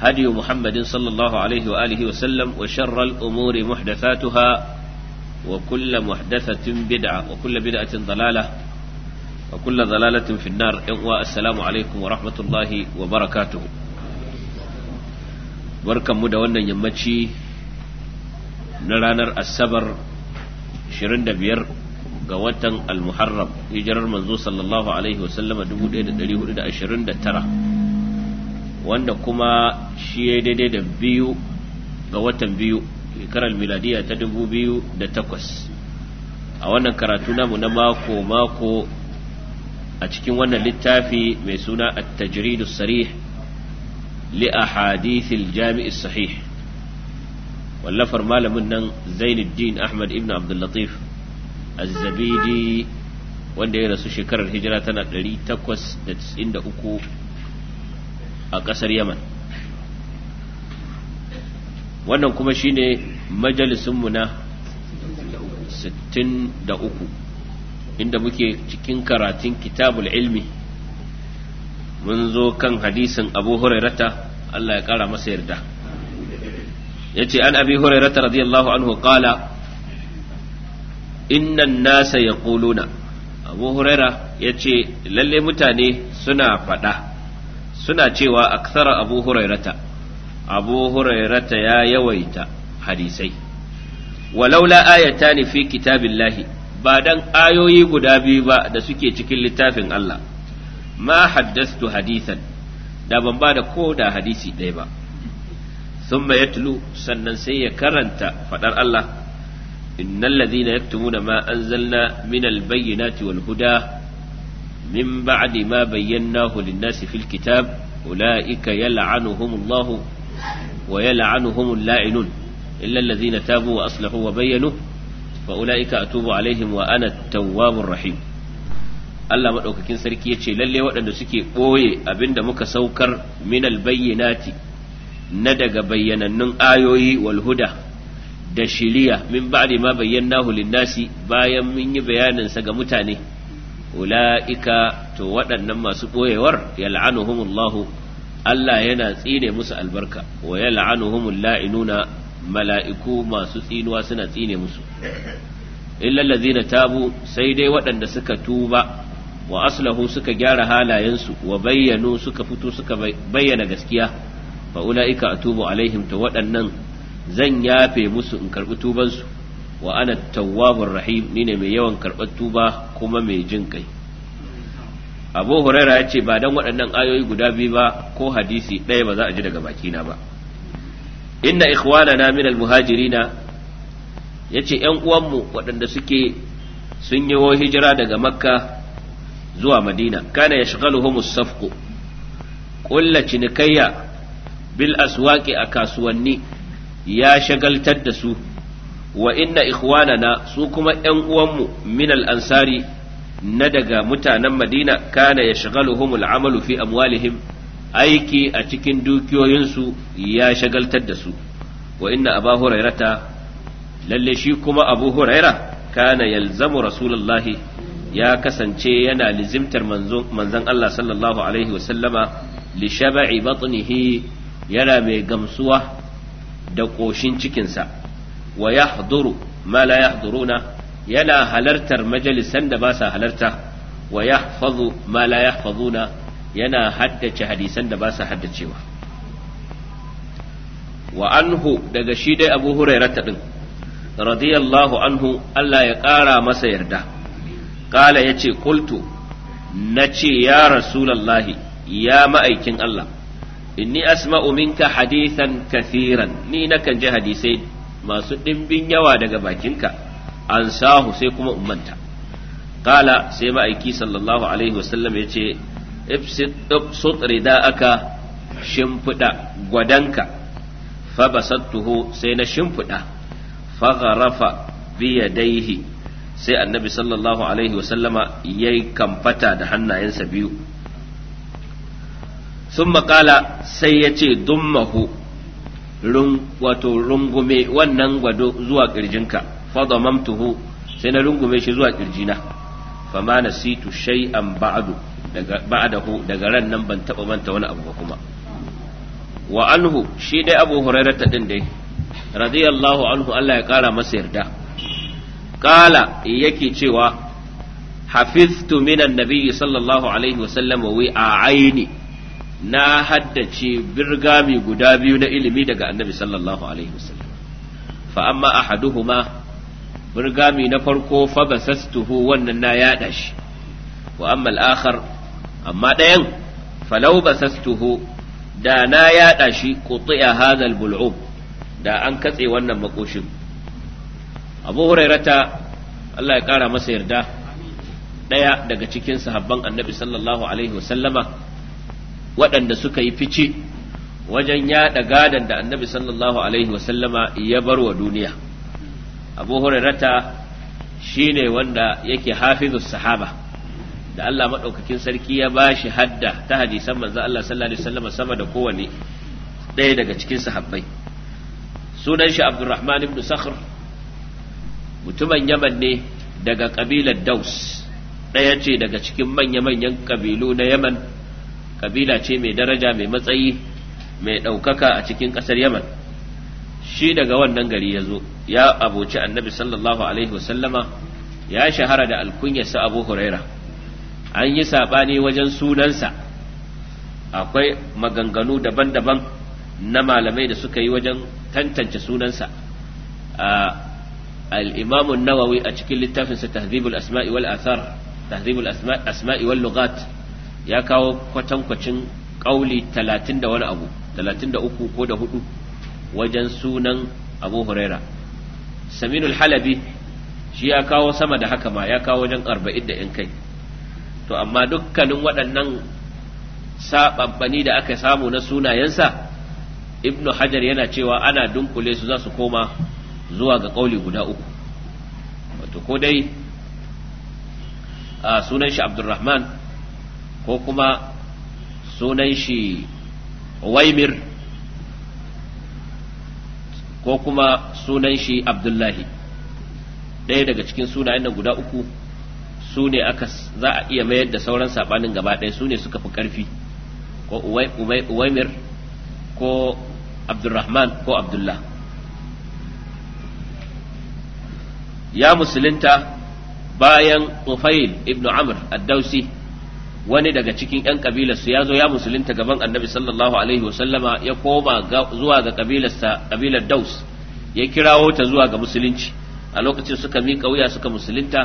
هدي محمد صلى الله عليه وآله وسلم وشر الأمور محدثاتها وكل محدثة بدعة وكل بدعة ضلالة وكل ضلالة في النار السلام عليكم ورحمة الله وبركاته بركة مدى وانا يمتشي نرانر السبر شرند بير قوة المحرم يجرر منذ صلى الله عليه وسلم دبو دين دليه دا أشرند ترى wanda kuma shi ya daidai da biyu ga watan biyu shekarar miladiya ta dubu biyu da takwas a wannan karatu namu na mako-mako a cikin wannan littafi mai suna a tajridu sarih li a jami'u jami'is sahih wallafar malamin nan zainuddin ahmad ibn abdullatif azzabidi wanda ya rasu shekarar hijira tana 893 a ƙasar yaman wannan kuma shi ne majalisunmu na sittin da uku inda muke cikin karatun kitabul ilmi mun zo kan hadisin abu hurairata Allah ya ƙara masa yarda ya ce an abi hurairata radiyallahu anhu ƙala innan nasa ya abu huraira ya ce lalle mutane suna faɗa suna cewa akthara abu hurairata abu hurairata ya yawaita hadisai walaula ayatani fi kitabillahi ba dan ayoyi guda biyu ba da suke cikin littafin Allah ma haddastu hadisan da ban ba da ko da hadisi ɗaya ba ya tulu sannan sai ya karanta faɗar Allah innal ladhina yaktumuna ma anzalna minal bayyinati wal huda min ba'di ma bayyanahu lin-nasi fil kitab ulaika yal'anuhumullahu wa yal'anuhumul la'inun illa allazina tabu wa aslahu wa bayyanu fa ulaika atubu alaihim wa ana at rahim Allah madaukakin sarki yace lalle waɗanda suke boye abinda muka saukar minal bayyinati na daga bayyanannun ayoyi wal da shiriya min ba'di ma bayyanahu lin bayan mun yi bayanin sa ga mutane ula'ika to waɗannan masu ɓoyewar yal'anuhumullahu Allah yana tsine musu albarka wa yal'anuhumul la'inuna mala'iku masu tsinuwa suna tsine musu illa allazina tabu sai dai waɗanda suka tuba wa aslahu suka gyara halayensu wa bayyanu suka fito suka bayyana gaskiya fa ula'ika atubu alaihim to waɗannan zan yafe musu in karɓi tubansu wa ana tawwabur rahim ni ne mai yawan karɓar tuba kuma mai jin kai abu huraira ya ce ba dan waɗannan ayoyi guda biyu ba ko hadisi ɗaya ba za a ji daga bakina ba inna ikhwanana min almuhajirina yace ƴan uwanmu waɗanda suke sun yi hijira daga makka zuwa madina kana yashghaluhum as-safqu ƙulla cinikayya bil aswaqi a kasuwanni ya shagaltar da su wa inna ikhwanana su kuma ƴan uwanmu min al-ansari na daga mutanen Madina kana yashghaluhum al-amalu fi amwalihim aiki a cikin dukiyoyinsu ya shagaltar da su wa inna abu hurairata lalle shi kuma abu huraira kana yalzamu rasulullahi ya kasance yana lizimtar manzon Allah sallallahu alaihi Sallama, li shaba'i batnihi yana mai gamsuwa da ƙoshin cikinsa wa yahduru ma la yahduruna yana halartar majalisan da ba sa halarta wa fadu ma la yahfazuna yana haddace hadisan da ba sa haddacewa wa anhu daga shi dai abu hurairata din radiyallahu anhu Allah ya ƙara masa yarda ƙala ya ce kultu na ce ya rasulallahi ya ma'aikin Allah inni asma'u minka hadithan kathiran ni nakan ji hadisai masu ɗimbin yawa daga bakinka an sahu sai kuma ummanta kala sai ma'aiki sallallahu alaihi wasallam ya ce da aka shimfiɗa gwadanka fa basattuhu sai na shimfiɗa fa gharafa biyadaihi sai annabi sallallahu alaihi wasallama ya yi kamfata da hannayensa biyu sun maƙala sai ya ce dummahu wato rungume wannan gwado zuwa ƙirjinka kirjinka mamtuhu sai na rungume shi zuwa ƙirjina. fama nasitu shay'an an daga ba'dahu daga ran nan ban taɓa manta wani abu ba kuma wa anhu shi dai abu hurairah ta ɗin dai radiyallahu anhu Allah ya ƙara masa yarda kala yake cewa hafiztu minan nabiyyi sallallahu alaihi wasallam wa wi a aini na haddace birgami guda biyu na ilimi daga annabi sallallahu alaihi wasallam fa amma ahaduhuma birgami na farko fa basastuhu wannan na yada shi wa amma al-akhar amma dayan falau basastuhu da na yada shi qutiya hadha al-bul'um da an katse wannan makoshin abu hurairata Allah ya kara masa yarda daya daga cikin sahabban annabi sallallahu alaihi wasallama waɗanda suka yi fice wajen yaɗa gadon da annabi sallallahu alaihi wasallama ya bar wa duniya abu hurairata shine wanda yake hafizus sahaba da Allah maɗaukakin sarki ya ba shi hadda ta hadisan manzo Allah sallallahu alaihi wasallama sama da kowane ɗaya daga cikin sahabbai sunan shi Abdurrahman ibn Sakhr mutumin Yaman ne daga kabilar Daus ɗaya ce daga cikin manya-manyan kabilu na Yaman kabila ce mai daraja mai matsayi mai ɗaukaka a cikin ƙasar yaman shi daga wannan gari ya zo ya aboci annabi sallallahu alaihi wasallama ya shahara da alkunyarsa abu huraira an yi saɓani wajen sunansa akwai maganganu daban-daban na malamai da suka yi wajen tantance sunansa a al'imamun nawawi a cikin littafinsa tahzibul asma'i wal athar tahzibul asma'i wal lughat ya kawo kwatankwacin kauli talatin da wani abu talatin da uku ko da hudu wajen sunan abu huraira saminul halabi shi ya kawo sama da haka ma ya kawo wajen arba'in da kai to amma dukkanin waɗannan saɓaɓɓani da aka samu na sunayensa ibnu hajar yana cewa ana dunkule su za su koma zuwa ga ƙauli guda uku wato ko dai a sunan shi abdulrahman ko kuma sunan shi waimir ko kuma sunan shi abdullahi ɗaya daga cikin sunayen da guda uku su ne aka za a iya mayar da sauran saɓanin gaba ɗaya su ne suka fi ƙarfi ko waimir ko abdulrahman ko abdullah ya musulunta bayan ufail ibn amr ad-dausi wani daga cikin yan kabilarsu ya zo ya musulunta gaban annabi sallallahu alaihi wasallama ya koma zuwa ga kabilarsa kabilar daus ya kirawo ta zuwa ga musulunci a lokacin suka miƙa wuya suka musulunta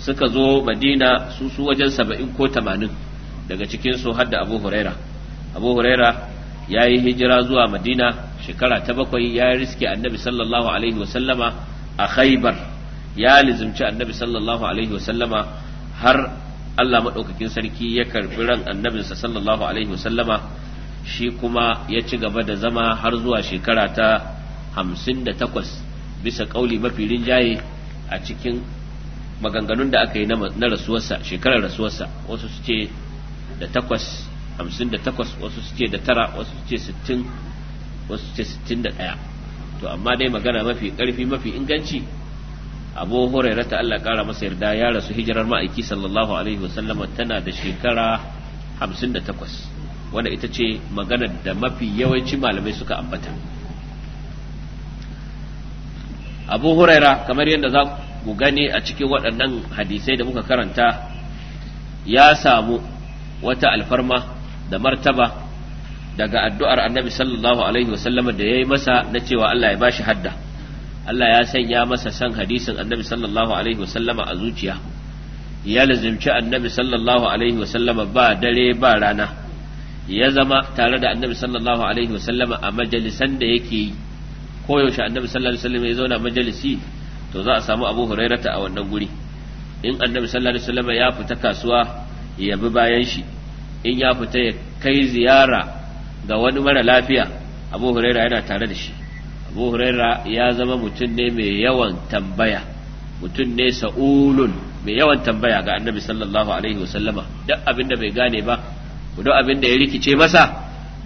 suka zo madina su su wajen saba'in ko tamanin daga cikinsu har da abu huraira abu huraira ya yi hijira zuwa madina shekara ta bakwai ya riske annabi sallallahu alaihi wasallama a khaibar ya lizimci annabi sallallahu alaihi wasallama har Allah maɗaukakin sarki ya karbi ran annabinsa sallallahu alaihi wasallama shi kuma ya ci gaba da zama har zuwa shekara ta hamsin da takwas bisa ƙauli mafi rinjaye a cikin maganganun da aka yi na rasuwarsa shekarar rasuwarsa wasu su ce da takwas hamsin da takwas wasu su ce da tara wasu su ce sittin wasu su ce sittin da ɗaya to amma dai magana mafi ƙarfi mafi inganci abu huraira ta Allah kara masa yarda ya rasu hijirar ma'aiki sallallahu alaihi wasallama tana da shekara 58 wanda ita ce magana da mafi yawanci malamai suka ambata abu hurairah kamar yadda za ku gane a cikin waɗannan hadisai da muka karanta ya samu wata alfarma da martaba daga addu'ar annabi sallallahu alaihi wasallama da ya yi masa na cewa Allah ya bashi hadda Allah ya sanya masa san hadisin annabi sallallahu alaihi wasallama a zuciya ya lazimci annabi sallallahu alaihi wasallama ba dare ba rana ya zama tare da annabi sallallahu alaihi wasallama a majalisan da yake yi koyaushe annabi sallallahu alaihi wasallama ya zauna majalisi to za a samu abu hurairata a wannan guri in annabi sallallahu alaihi wasallama ya fita kasuwa ya bi bayan shi in ya fita ya kai ziyara ga wani mara lafiya abu huraira yana tare da shi abu huraira ya zama mutum ne mai yawan tambaya mutum ne sa'ulun mai yawan tambaya ga annabi sallallahu alaihi wasallama duk abin da bai gane ba duk abin da ya rikice masa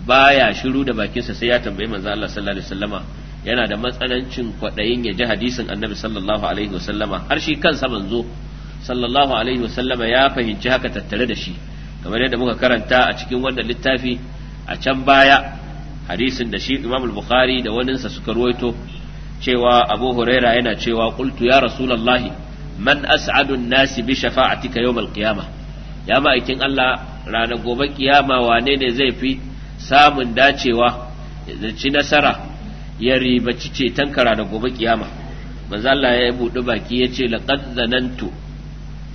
baya shiru da bakinsa sai ya tambayi manzo Allah sallallahu alaihi wasallama yana da matsanancin kwaɗayin ya ji hadisin annabi sallallahu alaihi wasallama har shi kansa manzo sallallahu alaihi wasallama ya fahimci haka tattare da shi kamar yadda muka karanta a cikin wannan littafi a can baya hadisin da shi Imam bukhari da waninsa suka ruwaito cewa Abu Huraira yana cewa qultu ya rasulallahi man as'adu nasi bi shafa'atika yawm al ya ma'aikin Allah ranar gobe kiyama wane ne zai fi samun dacewa da ci nasara ya ribaci ceton tanka da gobe kiyama manzo Allah ya buɗe baki ya ce laqad zanantu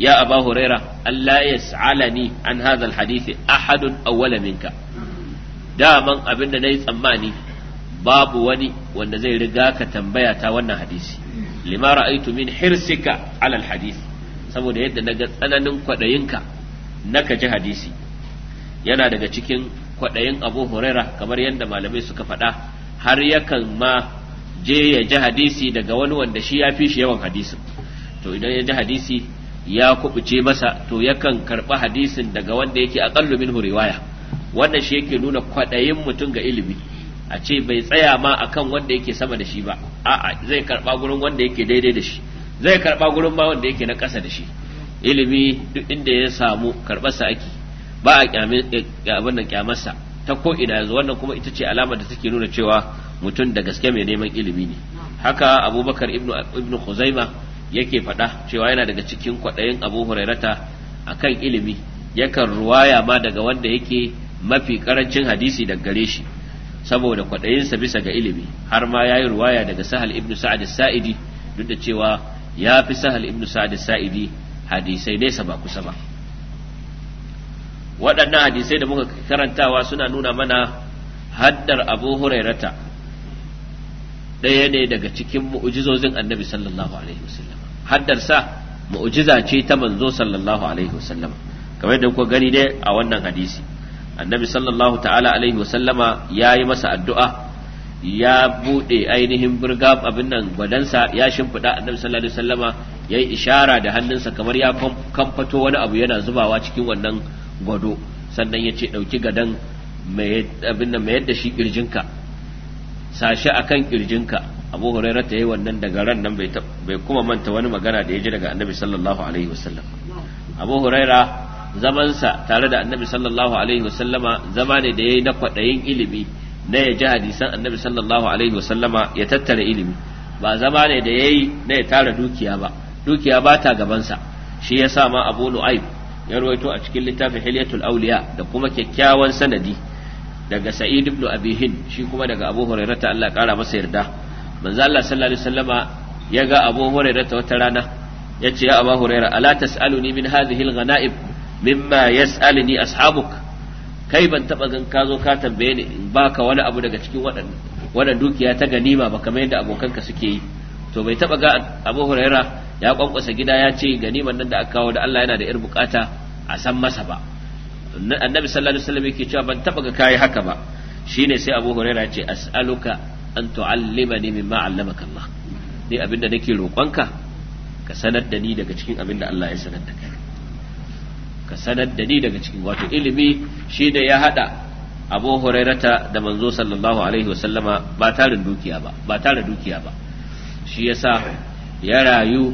ya Abu Huraira Allah yas'alani an hadha hadisi ahadun awwala minka daman abin da na yi tsammani babu wani wanda zai riga ka tambaya ta wannan hadisi lima ra'aitu min hirsika alal hadisi saboda yadda na ga tsananin kwaɗayinka na ka ji hadisi yana daga cikin kwaɗayin abu huraira kamar yadda malamai suka faɗa har yakan ma je ya ji hadisi daga wani wanda shi ya fi shi yawan hadisin to idan ya ji hadisi ya kubuce masa to yakan karɓi hadisin daga wanda yake aƙallu minhu riwaya wannan shi yake nuna kwaɗayin mutum ga ilimi a ce bai tsaya ma akan wanda yake sama da shi ba a'a zai karba gurin wanda yake daidai da shi zai karba gurin ma wanda yake na ƙasa da shi ilimi duk inda ya samu karɓarsa ake ba a eh, abin da kyamarsa ta ko ina yanzu wannan kuma ita ce alamar da take nuna cewa mutum da gaske mai neman ilimi ne haka abubakar ibnu ibnu yake faɗa cewa yana daga cikin kwaɗayin abu hurairata akan ilimi yakan ruwaya ma daga wanda yake mafi karancin hadisi daga gare shi saboda kwaɗayinsa bisa ga ilimi har ma ya yi ruwaya daga sahal ibnu sa'ad sa'idi duk da cewa ya fi sahal ibnu sa'ad sa'idi hadisai nesa ba kusa ba waɗannan hadisai da muka karantawa suna nuna mana haddar abu hurairata ɗaya ne daga cikin mu'ujizozin annabi sallallahu alaihi wasallam haddar sa mu'ujiza ce ta manzo sallallahu alaihi wasallam kamar da kuka gani dai a wannan hadisi annabi sallallahu ta'ala alaihi wasallama ya yi masa addu'a ya bude ainihin burga abin nan gwadansa ya shimfiɗa annabi sallallahu alaihi wasallama ya yi ishara da hannunsa kamar ya kamfato wani abu yana zubawa cikin wannan gwado sannan ya ce ɗauki gadon abin nan mayar da shi ƙirjinka sashi a kan abu hurairar ta yi wannan daga ran nan bai kuma manta wani magana da ya ji daga annabi sallallahu alaihi wasallam abu huraira zamansa tare da annabi sallallahu alaihi wasallama zama ne da ya yi na kwaɗayin ilimi na ya ji hadisan annabi sallallahu alaihi wasallama ya tattara ilimi ba zama ne da ya yi na ya tara dukiya ba dukiya ba ta gabansa shi ya sa ma abu lu'aib ya rawaito a cikin littafin hilyatul auliya da kuma kyakkyawan sanadi daga sa'id ibn shi kuma daga abu hurairata Allah kara masa yarda manzo Allah sallallahu alaihi wasallama ya ga abu ta wata rana ya ce ya abu hurairah ala tasaluni min hadhihi al-ghanaib mimma yas'alni ashabuk kai ban taba gan ka zo ka tambaye ni in baka wani abu daga cikin waɗannan wannan dukiya ta ganima ba kamar yadda abokanka suke yi to bai taba ga Abu Huraira ya kwankwasa gida ya ce ganiman nan da aka kawo da Allah yana da irin bukata a san masa ba annabi sallallahu alaihi wasallam yake cewa ban taba ga kai haka ba shine sai Abu Huraira ya ce as'aluka an tu'allimani mimma 'allamaka Allah ni abinda nake roƙonka ka sanar da ni daga cikin abinda Allah ya sanar da kai ka sanar da ni daga cikin wato ilimi shi da ya hada abu hurairata da manzo sallallahu alaihi wasallama ba tarin dukiya ba ba tara dukiya ba shi yasa ya rayu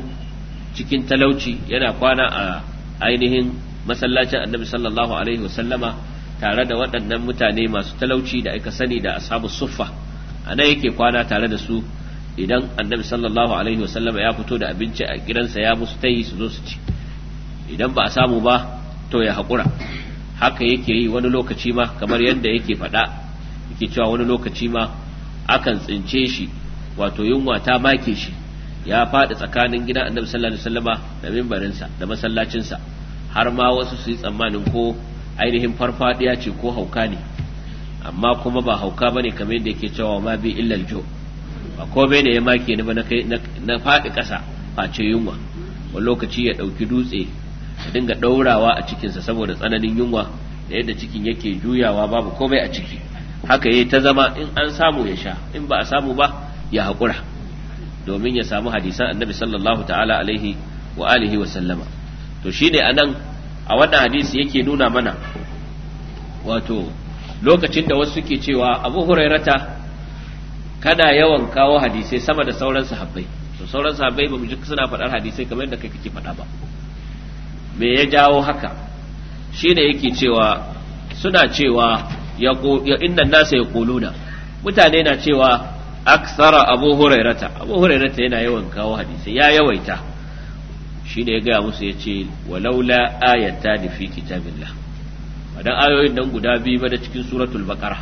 cikin talauci yana kwana a ainihin masallacin annabi sallallahu alaihi wasallama tare da waɗannan mutane masu talauci da aka sani da ashabu suffa a nan yake kwana tare da su idan annabi sallallahu alaihi wasallama ya fito da abinci a gidansa ya musu tayi su zo su ci idan ba a samu ba to ya haƙura haka yake yi wani lokaci ma kamar yadda yake faɗa yake cewa wani lokaci ma akan tsince shi wato yunwa ta make shi ya faɗi tsakanin gidan annabi sallallahu alaihi da mimbarinsa da masallacinsa har ma wasu su yi tsammanin ko ainihin farfadiya ce ko hauka ne amma kuma ba hauka bane kamar yadda yake cewa ma bi illal jo ba komai ne ya make ni ba na faɗi kasa face yunwa wani lokaci ya ɗauki dutse ya dinga ɗaurawa a cikinsa saboda tsananin yunwa da yadda cikin yake juyawa babu komai a ciki haka yayi ta zama in an samu ya sha in ba a samu ba ya haƙura domin ya samu hadisan annabi sallallahu ta'ala alaihi wa alihi wa sallama to shine anan a wannan hadisi yake nuna mana wato lokacin da wasu ke cewa abu hurairata kana yawan kawo hadisai sama da sauran sahabbai to sauran sahabbai ba mu ji suna faɗar hadisai kamar yadda kai kake faɗa ba me ya jawo haka Shi shine yake cewa suna cewa ya nasa ya kuluna mutane na cewa aksara abu hurairata abu hurairata yana yawan kawo hadisi ya yawaita shi ne ya gaya musu ya ce walaula ayata da fi kitabillah wadan ayoyin nan guda biyu ba da cikin suratul baqara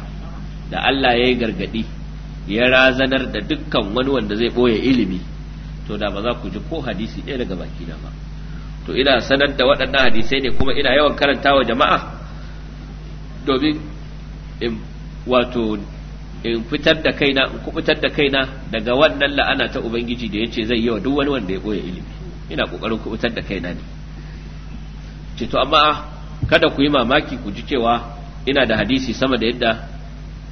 da Allah ya yi gargadi ya razanar da dukkan wani wanda zai ɓoye ilimi to da ba za ku ji ko hadisi ɗaya daga bakina ba to ina sanar da waɗannan hadisai ne kuma ina yawan karantawa jama'a domin in wato in fitar da kaina in kubutar da kaina daga wannan la'ana ta ubangiji da yace zai yi wa duk wani wanda ya koya ilimi ina kokarin kubutar da kaina ne ce to amma kada ku yi mamaki ku ji cewa ina da hadisi sama da yadda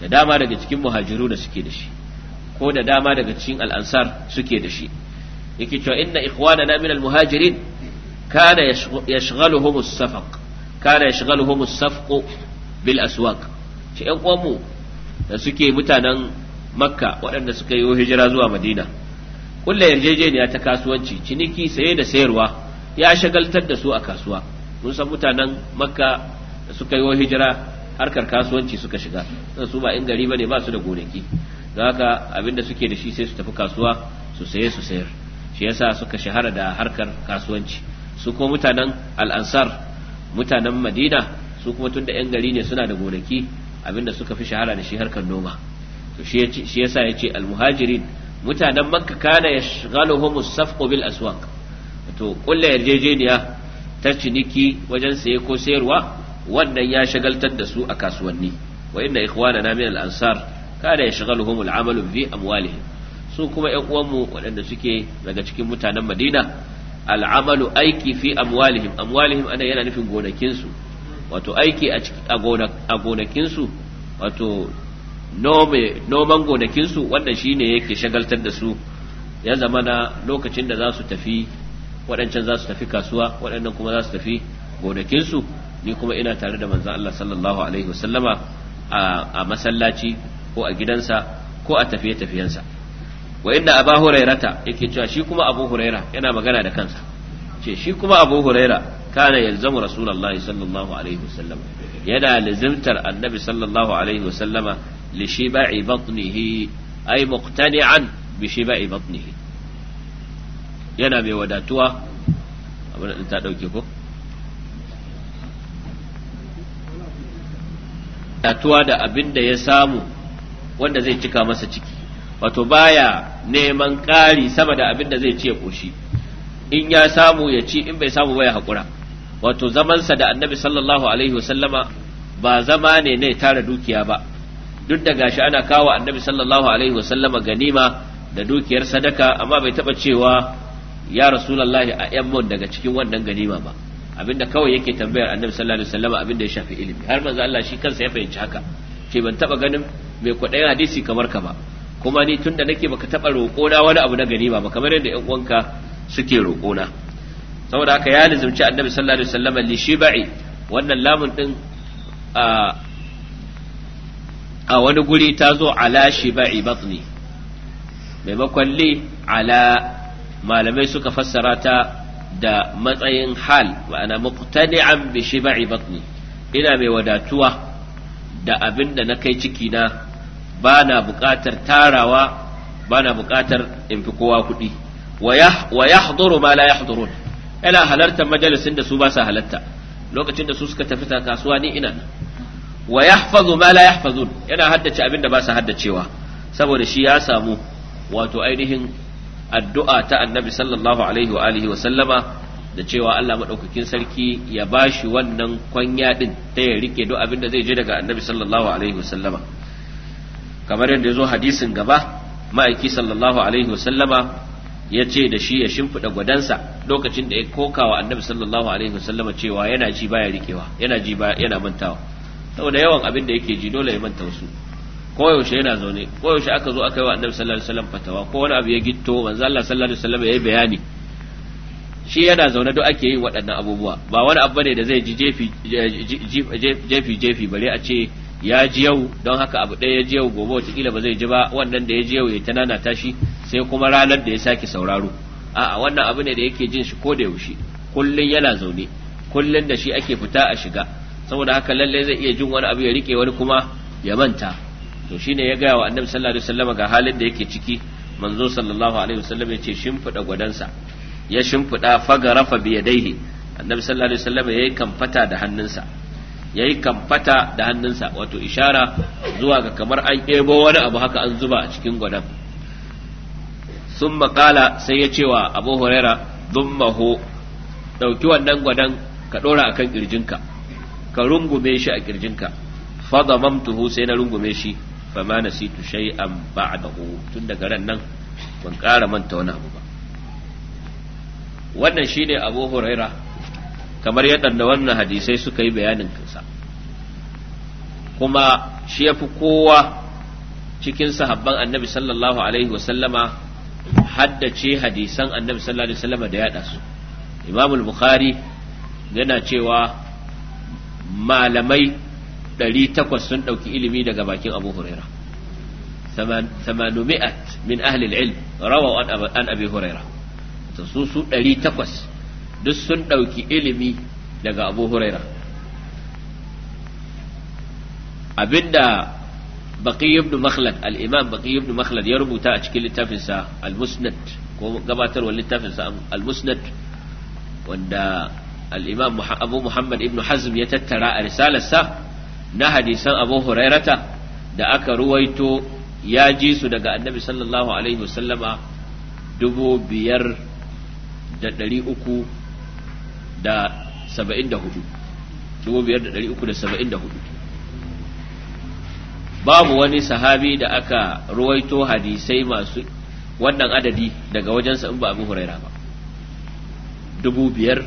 da dama daga cikin muhajiru da suke da shi ko da dama daga cikin al'ansar suke da shi yake cewa inna na min al-muhajirin kana yashghaluhum as-safaq kana yashghaluhum as-safq bil aswaq shi ƴan uwanmu da suke mutanen makka waɗanda suka yi hijira zuwa madina kulla yarjejeniya ta kasuwanci ciniki saye da sayarwa ya shagaltar da su a kasuwa mun san mutanen makka da suka yi hijira harkar kasuwanci suka shiga don su ba in gari bane ba su da gonaki don haka da suke da shi sai su tafi kasuwa su saye su sayar shi yasa suka shahara da harkar kasuwanci su kuma mutanen al'ansar mutanen madina su kuma tun da 'yan gari ne suna da gonaki abinda suka fi shahara da shi harkar noma to shi yasa ya ce almuhajirin mutanen makka kana ya shagaluhum safqu bil Aswak. to kulla yarjejeniya ta ciniki wajen saye ko sayarwa wannan ya shagaltar da su a kasuwanni wa inna ikhwanana min al-ansar kana yashghaluhum al-amalu a amwalihim su kuma ƴan uwanmu waɗanda suke daga cikin mutanen Madina al'amalu aiki fi amwalihim amwalihim ana yana nufin gonakinsu wato aiki a gonakinsu wato noman gonakinsu wannan shine yake shagaltar da su ya zama na lokacin da za su tafi waɗancan za su tafi kasuwa waɗannan kuma za su tafi gonakinsu ni kuma ina tare da manzan Allah sallallahu alaihi wasallama a masallaci ko a gidansa ko a tafiye-tafiyensa wa inna aba hurairata yake cewa shi kuma abu huraira yana magana da kansa ce shi kuma abu huraira kana yalzamu rasulullahi sallallahu alaihi wasallam yana lazimtar annabi sallallahu alaihi wasallama li shiba'i batnihi ay muqtani'an bi shiba'i batnihi yana mai wadatuwa abin ta dauke ko wadatuwa da abin da ya samu wanda zai cika masa ciki wato baya neman ƙari sama da abin da zai ce koshi in ya samu ya ci in bai samu ba ya haƙura wato zamansa da annabi sallallahu alaihi wasallama ba zama ne ne tara dukiya ba duk da gashi ana kawo annabi sallallahu alaihi wasallama ganima da dukiyar sadaka amma bai taba cewa ya rasulullahi a mun daga cikin wannan ganima ba abinda kawai yake tambayar annabi sallallahu alaihi wasallama abinda ya shafi ilimi har manzo Allah shi kansa ya fahimci haka Ke ban taba ganin mai kwaɗayin hadisi kamar ka ba kuma ni tunda nake baka taba roƙo na wani abu na ganima ba kamar yadda ƴan uwanka suke roƙo na saboda haka ya annabi sallallahu alaihi wasallam li shibai wannan lamun din a a wani guri ta zo ala shibai batni maimakon li ala malamai suka fassara ta da matsayin hal ma'ana muqtani'an bi shibai batni ina mai wadatuwa da abin da na kai ciki na ba na buƙatar tarawa ba na buƙatar in fi kowa kuɗi wa yahduru ma la yahdurun yana halartar majalisin da su ba sa halarta lokacin da su suka tafi ta kasuwa ni ina nan wa yahfazu ma la yahfazun yana haddace abin da ba sa haddacewa saboda shi ya samu wato ainihin addu'a ta annabi sallallahu alaihi wa alihi wa sallama da cewa Allah maɗaukakin sarki ya bashi wannan kwanya din ta ya rike duk abin da zai je daga annabi sallallahu alaihi wa sallama kamar yadda ya zo hadisin gaba ma'aiki sallallahu alaihi wasallama ya ce da shi ya shimfiɗa gwadansa lokacin da ya koka wa annabi sallallahu alaihi wasallama cewa yana ji baya rikewa yana ji ba yana mantawa saboda yawan abin da yake ji dole ya manta wasu koyaushe yana zaune koyaushe aka zo aka yi wa annabi sallallahu alaihi wasallam fatawa ko wani abu ya gitto manzo Allah sallallahu alaihi wasallam ya yi bayani shi yana zaune duk ake yin waɗannan abubuwa ba wani abu ne da zai ji jefi jefi jefi bare a ce ya ji yau don haka abu ɗaya ya ji yau gobe wataƙila ba zai ji ba wannan da ya ji yau ya ta nana tashi sai kuma ranar da ya sake sauraro a'a wannan abu ne da yake jin shi ko da yaushe kullun yana zaune kullun da shi ake fita a shiga saboda haka lallai zai iya jin wani abu ya rike wani kuma ya manta to shine ya gaya wa annabi sallallahu alaihi wasallam ga halin da yake ciki manzo sallallahu alaihi wasallam ya ce shimfida gwadansa ya shimfida fagarafa biyadaihi annabi sallallahu alaihi wasallam ya yi kamfata da hannunsa ya yi kamfata da hannunsa wato ishara zuwa ga kamar an ebo wani abu haka an zuba a cikin gwadon sun makala sai ya cewa abu huraira don maho ɗauki wannan gwadon ka ɗora a kan ƙirjinka ka rungume shi a ƙirjinka fada mamtuhu sai na rungume shi fa ma na situ shay'an ba'dahu tun daga ran nan ban ƙara manta wani abu ba wannan shi ne abu huraira kamar yadda wannan hadisai suka yi bayanin kansa kuma shi ya fi kowa cikin sahabban annabi sallallahu alaihi wasallama haddace hadisan annabi sallallahu alaihi wasallama da yaɗa su imam bukhari yana cewa malamai 800 sun ɗauki ilimi daga bakin abu huraira 800 min ahli ilm rawa an abi huraira su su 800 duk sun ɗauki ilimi daga abu huraira abinda baƙi ibn makhlad al-imam baqi ibn makhlad ya rubuta a cikin littafinsa al-musnad ko gabatarwar littafinsa al-musnad wanda al-imam abu muhammad ibn hazm ya tattara a risalarsa na hadisan abu hurairata da aka ruwaito ya ji su daga annabi sallallahu alaihi wasallama dubu biyar da ɗari uku da saba'in da hudu dubu biyar da ɗari uku da saba'in da hudu babu wani sahabi da aka ruwaito hadisai masu wannan adadi daga wajen in ba abu huraira ba dubu biyar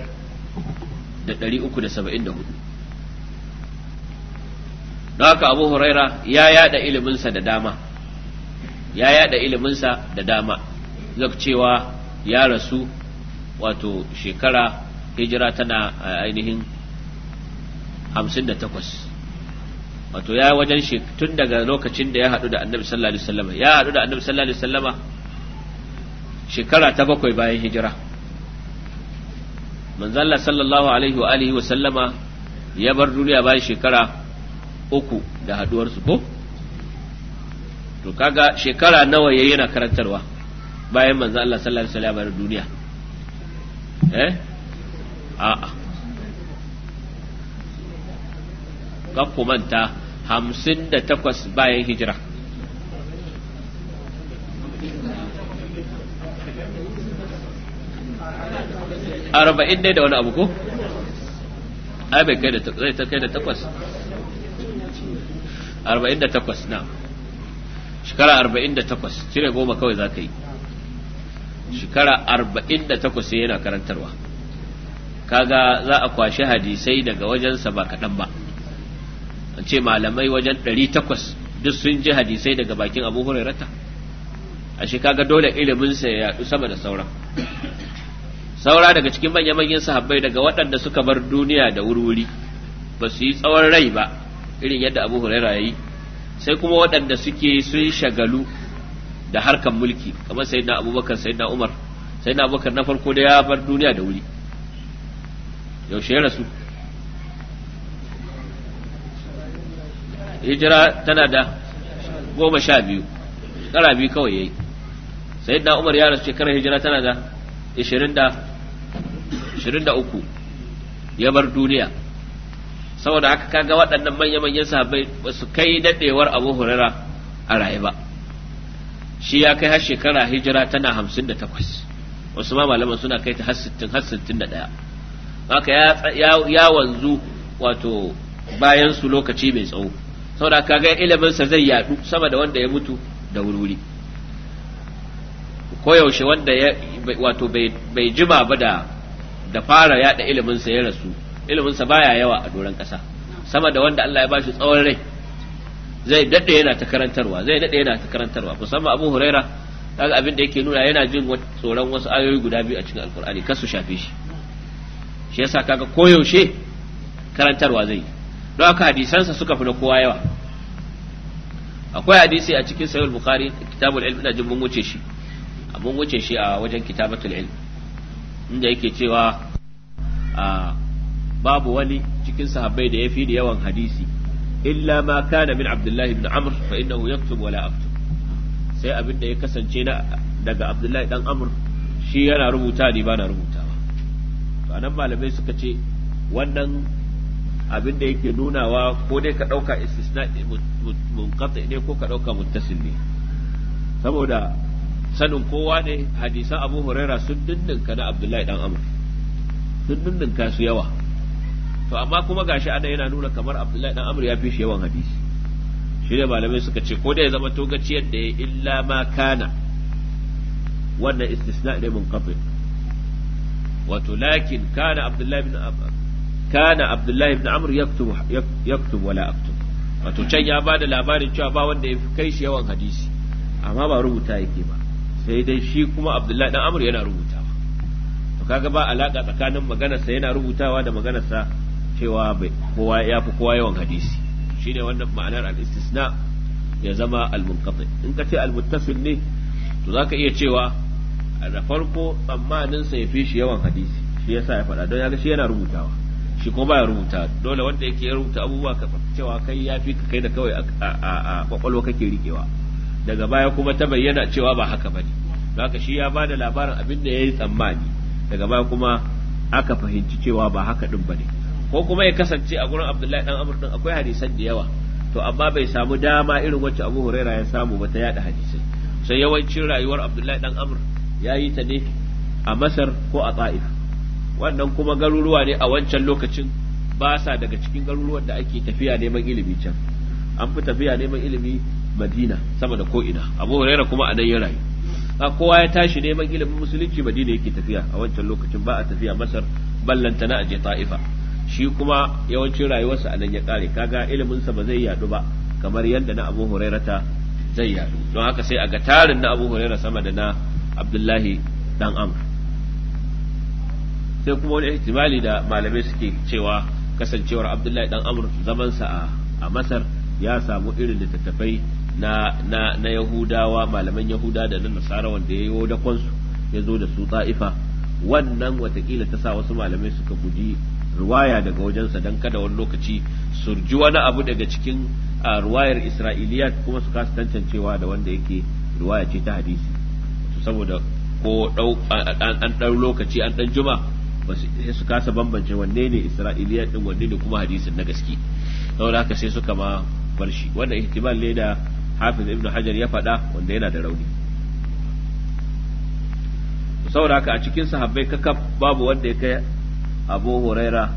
da ɗari uku da saba'in da hudu don haka abu huraira ya yada iliminsa da dama ya yada iliminsa da dama zaka cewa ya rasu wato shekara hijira tana ainihin hamsin da takwas wato ya wajen shi tun daga lokacin da ya haɗu da annabi sallallahu alaihi wasallam ya haɗu da annabi sallallahu alaihi wasallama shekara ta bakwai bayan hijira manzalla sallallahu alaihi wa alihi wasallama ya bar duniya bayan shekara uku da haɗuwarsu ko to kaga shekara nawa yayi yana karantarwa bayan manzo Allah sallallahu alaihi wasallam duniya eh a'a ga kumanta hamsin da takwas bayan hijira arba'in ne da wani abu ko? ai bai kai da zai ta kai da takwas arba'in da takwas na shekara arba'in da takwas cire goma kawai za ka yi shekara arba'in da takwas sai yana karantarwa kaga za a kwashi hadisai daga wajensa ba kaɗan ba an ce malamai wajen ɗari takwas duk sun ji hadisai daga bakin abu hurairata a shi kaga dole iliminsa ya yaɗu sama da sauran saura daga cikin manyan manyan sahabbai daga waɗanda suka bar duniya da wurwuri ba su yi tsawon rai ba irin yadda abu huraira ya yi sai kuma waɗanda suke sun shagalu da harkan mulki kamar sai na abubakar sai umar sai na abubakar na farko da ya bar duniya da wuri yaushe ya rasu hijira tana da goma sha biyu shekara biyu kawai yayi sai da umar ya rasu shekarar hijira tana da ishirin da ishirin da uku ya bar duniya saboda haka kaga waɗannan manya-manyan sahabbai ba su kai daɗewar abu hurara a raye ba shi ya kai har shekara hijira tana hamsin da takwas wasu ma malaman suna kai ta har sittin har sittin da ɗaya haka ya wanzu wato bayan su lokaci mai tsawo saboda kaga ilimin sa zai yadu sama da wanda ya mutu da wuri yaushe wanda ya wato bai jima ba da da fara yada ilimin sa ya rasu ilimin sa baya yawa a doron kasa sama da wanda Allah ya bashi tsawon rai zai dade yana ta karantarwa zai dade yana ta karantarwa musamman Abu Huraira kaga abin da yake nuna yana jin tsoron wasu ayoyi guda biyu a cikin Alkur'ani kasu su shafe shi shi yasa kaga koyaushe karantarwa zai don haka hadisansa suka fi na kowa yawa akwai hadisi a cikin sahih bukhari kitabul ilm ina jin mun wuce shi mun wuce shi a wajen kitabatul ilm inda yake cewa babu wani cikin sahabbai da ya fi da yawan hadisi illa ma kana min abdullah ibn amr fa innahu yaktub wala aktub sai abin da ya kasance na daga abdullahi dan amr shi yana rubuta ni ba na rubuta anan malamai suka ce wannan abin da yake nunawa ko dai ka ɗauka istisna munqati ne ko ka ɗauka muttasil ne saboda sanin kowa ne hadisan abu huraira sun dindinka na abdullahi dan amr sun dindinka su yawa to amma kuma gashi ana yana nuna kamar abdullahi dan amr ya fi shi yawan hadisi shi ne malamai suka ce ko dai zama zama togaciyar da ya illa ma kana wannan istisna ne munqati wato lakin kana abdullahi bin kana abdullahi bin amr yaktubu yaktubu wala aktub wato can ya bada labarin cewa ba wanda ya fi kai shi yawan hadisi amma ba rubuta yake ba sai dai shi kuma abdullahi dan amr yana rubutawa to kaga ba alaka tsakanin maganarsa yana rubutawa da maganarsa cewa kowa ya fi kowa yawan hadisi ne wannan ma'anar al-istisna ya zama al-munqati in ka ce al-muttasil ne to zaka iya cewa da farko tsammanin sa ya fi shi yawan hadisi shi yasa ya faɗa don ya ga shi yana rubutawa shi kuma baya rubuta dole wanda yake ya rubuta abubuwa ka cewa kai ya fi ka kai da kawai a kwakwalwa kake rikewa daga baya kuma ta bayyana cewa ba haka bane haka shi ya bada labarin abin da yayi tsammani daga baya kuma aka fahimci cewa ba haka din bane ko kuma ya kasance a gurin Abdullahi dan Amr din akwai hadisan da yawa to amma bai samu dama irin wacce Abu Huraira ya samu ba ta yada hadisai sai yawancin rayuwar Abdullahi dan Amr ya yi ta ne a masar ko a ta'if wannan kuma garuruwa ne a wancan lokacin ba sa daga cikin garuruwan da ake tafiya neman ilimi can an fi tafiya neman ilimi madina sama da ko'ina abu huraira kuma a nan ya rayu a kowa ya tashi neman ilimin musulunci madina yake tafiya a wancan lokacin ba a tafiya masar ballanta na aje ta'ifa shi kuma yawancin rayuwarsa a nan ya kare kaga iliminsa ba zai yadu ba kamar yadda na abu ta zai yadu don haka sai a ga tarin na abu huraira sama da na abdullahi dan amr sai kuma wani ihtimali da malamai suke cewa kasancewar abdullahi dan amr zamansa a masar ya samu irin littattafai na na na yahudawa malaman yahuda da na nasara wanda ya yi dakonsu ya zo da su ta'ifa wannan watakila ta sa wasu malamai suka guji ruwaya daga wajensa don kada wani lokaci surji wani abu daga cikin ruwayar isra'iliyat kuma su kasa tantancewa da wanda yake ruwaya ce ta hadisi saboda ko an ɗau lokaci an ɗan juma ba su kasa bambance wanne ne isra'iliya ɗin wanne ne kuma hadisin na gaske saboda haka sai suka ma bar shi wannan ihtimal ne da hafiz ibnu hajar ya faɗa wanda yana da rauni saboda haka a cikin sahabbai kakaf babu wanda ya kai abu huraira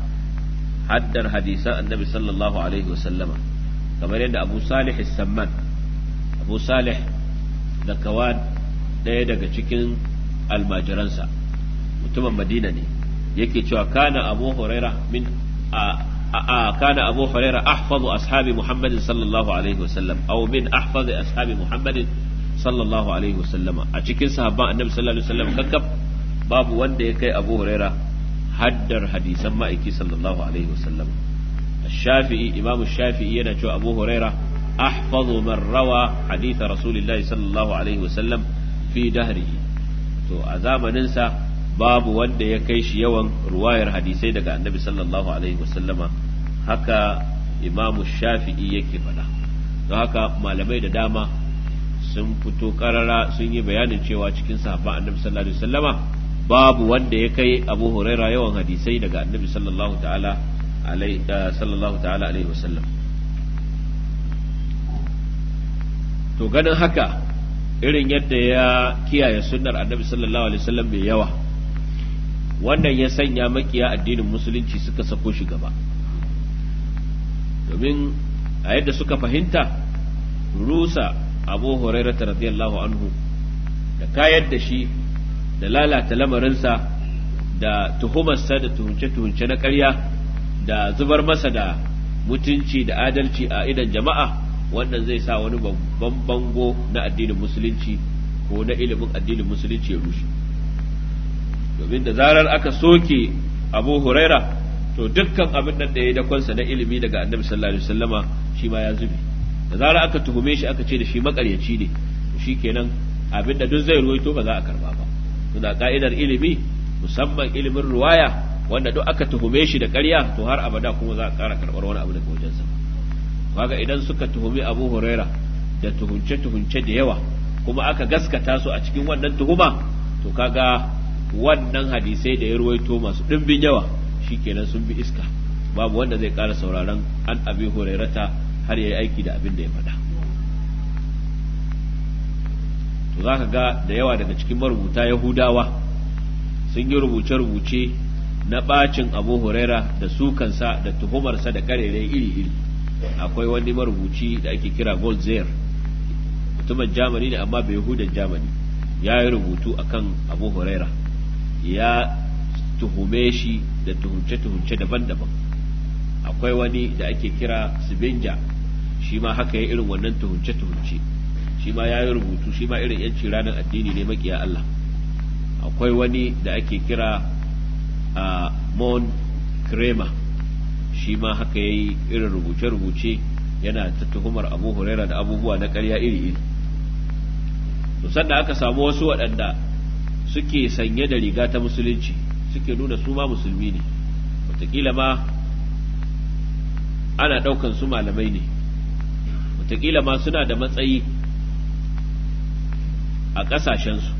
haddar hadisan annabi sallallahu alaihi wasallama kamar yadda abu salih samman abu salih da kawan ɗaya daga cikin almajiransa mutumin madina ne yake cewa kana abu huraira min a kana abu huraira ahfazu ashabi muhammadin sallallahu alaihi wasallam aw min ahfazi ashabi muhammadin sallallahu alaihi wasallama a cikin sahabban annabi sallallahu alaihi wasallam kakkab babu wanda ya kai abu huraira haddar hadisan ma'aiki sallallahu alaihi wasallam الشافعي إمام الشافعي ينجو أبو هريرة أحفظ من روى حديث رسول الله صلى الله عليه وسلم fi dahrihi to a zamanin sa babu wanda ya kai shi yawan ruwayar hadisai daga annabi sallallahu alaihi wasallama haka imamu shafi'i yake faɗa don haka malamai da dama sun fito karara sun yi bayanin cewa cikin sahabban annabi sallallahu alaihi wasallama babu wanda ya kai abu huraira yawan hadisai daga annabi sallallahu ta'ala alaihi eh, sallallahu ta'ala alaihi wasallam to ganin haka irin yadda ya kiyaye sunnar annabi sallallahu alaihi wasallam mai yawa wannan ya sanya makiya addinin musulunci suka sako shi gaba domin a yadda suka fahimta rusa abu hurairata radiyallahu anhu da kayar da shi da lalata lamarinsa da tuhumarsa da tuhunce-tuhunce na ƙarya da zubar masa da mutunci da adalci a idan jama'a wannan zai sa wani babban bango na addinin musulunci ko na ilimin addinin musulunci ya rushe domin da zarar aka soke abu huraira to dukkan abin nan da ya dakonsa na ilimi daga annabi sallallahu alaihi wasallama shi ma ya zube da zarar aka tuhume shi aka ce da shi makaryaci ne to kenan abin da duk zai ruwaito ba za a karba ba da ka'idar ilimi musamman ilimin ruwaya wanda duk aka tuhume shi da ƙarya to har abada kuma za a ƙara karɓar wani abu daga wajensa kaga idan suka tuhumi abu huraira da tuhunce tuhunce da yawa kuma aka gaskata su a cikin wannan tuhuma to kaga wannan hadisai da ya ruwaito masu ɗimbin yawa shikenan sun bi iska babu wanda zai ƙara sauraron an abi hurairata har ya yi aiki da abin da ya faɗa to za ka ga da yawa daga cikin marubuta yahudawa sun yi rubuce-rubuce na ɓacin abu huraira da sukansa da tuhumarsa da karerai iri-iri akwai wani marubuci da ake kira Goldzer mutumin Jamani ne amma bai hudar Jamani ya yi rubutu akan Abu Huraira ya tuhume shi da tuhunce-tuhunce daban-daban akwai wani da ake kira Sibinja shi ma haka ya irin wannan tuhunce-tuhunce shi ma ya yi rubutu shi ma irin yanci ranar addini ne makiya Allah akwai wani da ake kira a ah, Mon Kramer shi ma haka yayi irin rubuce-rubuce yana ta tuhumar abu huraira da abubuwa na karya iri-iri to sanda aka samu wasu waɗanda suke sanye da riga ta musulunci suke nuna su ma musulmi ne wataƙila ma ana ɗaukan su malamai ne wataƙila ma suna da matsayi a ƙasashensu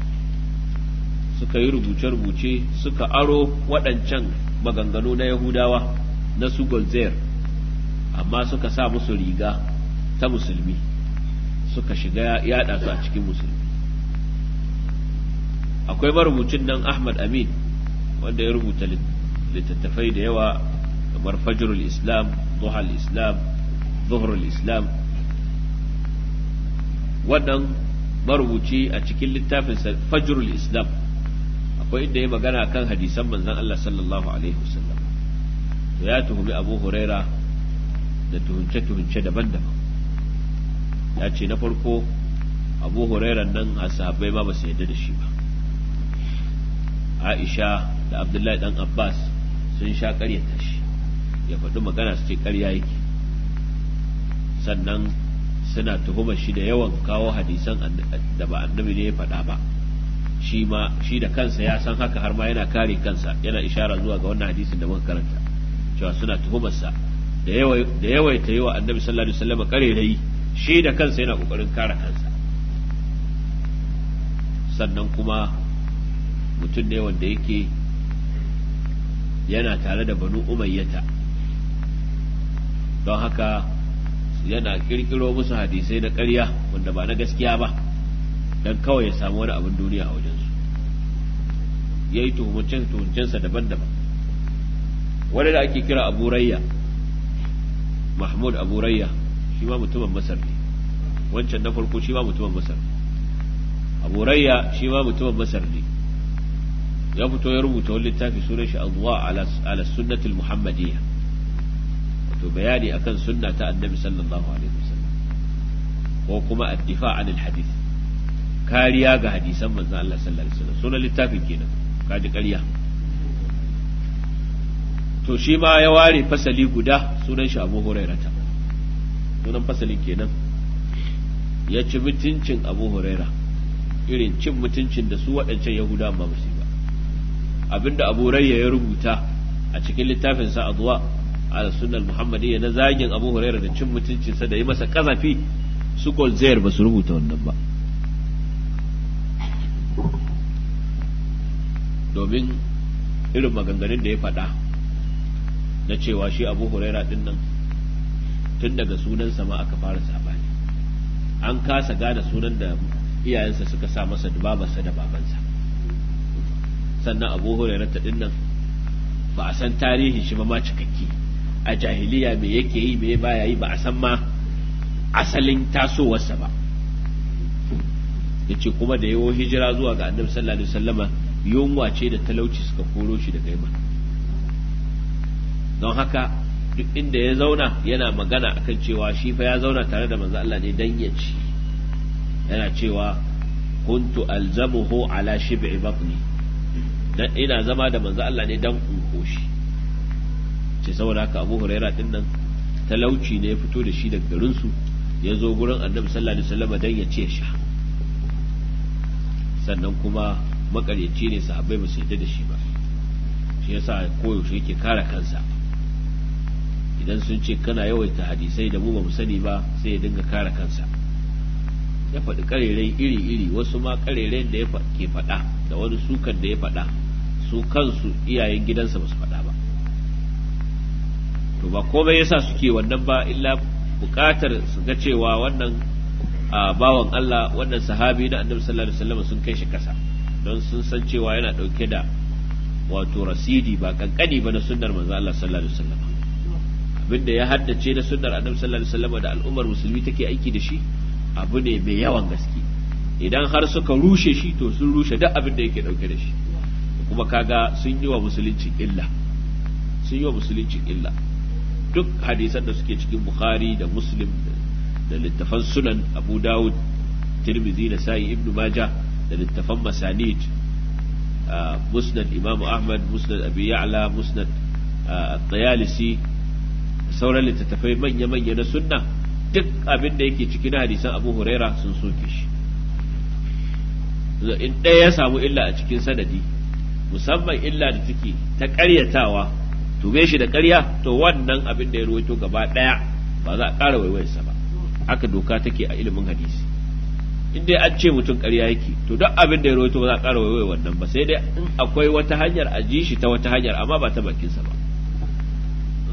suka yi rubuce-rubuce suka aro waɗancan maganganu na yahudawa na su golzer amma suka sa musu riga ta musulmi suka shiga yada su a cikin musulmi akwai marubucin nan ahmad amin wanda ya rubuta littattafai da yawa kamar fajrul islam duhal islam zuhrul islam wannan marubuci a cikin littafin fajrul islam akwai inda ya magana kan hadisan manzon Allah sallallahu alaihi wasallam ya tuhumi abu huraira da tuhunce-tuhunce daban-daban ya ce na farko abu huraira nan a ma ba su yarda da shi ba aisha da abdullahi dan abbas sun sha karyata shi ya faɗi magana su ce karya yake sannan suna tuhumar shi da yawan kawo hadisan da ba annabi ne ya faɗa ba shi da kansa ya san haka har ma yana kare kansa yana ishara zuwa ga wannan hadisin da muka karanta cewa suna tuhumarsa da yawai ta yi wa annabi sallallahu alaihi wasallam karerai shi da kansa yana kokarin kare kansa sannan kuma mutum ne wanda yake yana tare da banu umayyata don haka yana kirkiro musu hadisai na ƙarya wanda ba na gaskiya ba don kawai ya samu wani abin duniya a wajensu ya yi tuhumcin daban-daban wani da ake kira abu rayya mahmud abu rayya shi ma mutumin masar ne wancan na farko shi ma mutumin masar abu rayya shi ma mutumin masar ne ya fito ya rubuta wani littafi sunan shi azuwa ala sunnatul muhammadiyya Wato bayani akan sunna ta annabi sallallahu alaihi wasallam ko kuma addifa anil hadith kariya ga hadisan manzon Allah sallallahu alaihi wasallam sunan littafin kenan kaji ƙarya to shi ma ya ware fasali guda sunan shi abu hurairata sunan fasalin kenan ya ci mutuncin abu huraira irin cin mutuncin da su waɗancan yahuda ba su ba abinda abu rayya ya rubuta a cikin littafin sa adwa ala sunnal muhammadiyya na zagin abu huraira da cin mutuncinsa da yi masa kazafi su golzayar ba su rubuta wannan ba domin irin maganganun da ya faɗa na cewa shi abu huraira din nan tun daga sunansa ma aka fara sabani an kasa gane sunan da iyayensa suka sa masa da da babansa sannan abu huraira ta din nan ba a san tarihin shi ba ma cikakke a jahiliya me yake yi me baya yi ba a san ma asalin tasowarsa ba yace kuma da yawo hijira zuwa ga annabi sallallahu alaihi wasallama yunwa ce da talauci suka koro shi daga yamma don haka duk inda ya zauna yana magana akan cewa shi fa ya zauna tare da manzo Allah ne dan ya ci yana cewa kuntu alzamuhu ala shib'i batni dan ina zama da manzo Allah ne dan in koshi ce saboda haka Abu Huraira din nan talauci ne ya fito da shi daga garin su ya zo gurin Annabi sallallahu alaihi wasallam dan ya ce sha sannan kuma makaryaci ne sahabbai ba su yarda da shi ba shi yasa koyaushe yake kare kansa idan sun ce kana yawaita hadisai da mu ba mu sani ba sai ya dinga kare kansa ya faɗi ƙarerai iri-iri wasu ma ƙarerayen da ya ke faɗa da wani sukan da ya faɗa su kansu iyayen gidansa ba su faɗa ba to ba komai yasa suke wannan ba illa buƙatar su ga cewa wannan a bawan Allah wannan sahabi na annabi sallallahu alaihi wasallam sun kai shi kasa don sun san cewa yana ɗauke da wato rasidi ba kankani ba na sunnar manzo Allah sallallahu alaihi wasallam abinda ya haddace na sunnar annabi sallallahu alaihi wasallam da al'ummar musulmi take aiki da shi abu ne mai yawan gaske idan har suka rushe shi to sun rushe duk abin da yake dauke da shi kuma kaga sun yi wa musulunci illa sun yi wa musulunci illa duk hadisan da suke cikin bukhari da muslim da littafan sunan abu dawud tirmidhi da sa'i ibnu maja da littafan masanid uh, musnad imamu ahmad musnad abi ya'la musnad uh, at-tayalisi sauran littattafai manya-manya na sunna duk abin da yake cikin na hadisan abu huraira sun soke shi in ɗaya ya samu illa a cikin sanadi musamman illa da take ta ƙaryatawa to be shi da ƙarya to wannan abin da ya ruwaito gaba ɗaya ba za a ƙara waiwayarsa ba haka doka take a ilimin hadisi in dai an ce mutum ƙarya yake to duk abin da ya ruwaito ba za a ƙara waiwayar wannan ba sai dai in akwai wata hanyar a ji shi ta wata hanyar amma ba ta bakinsa ba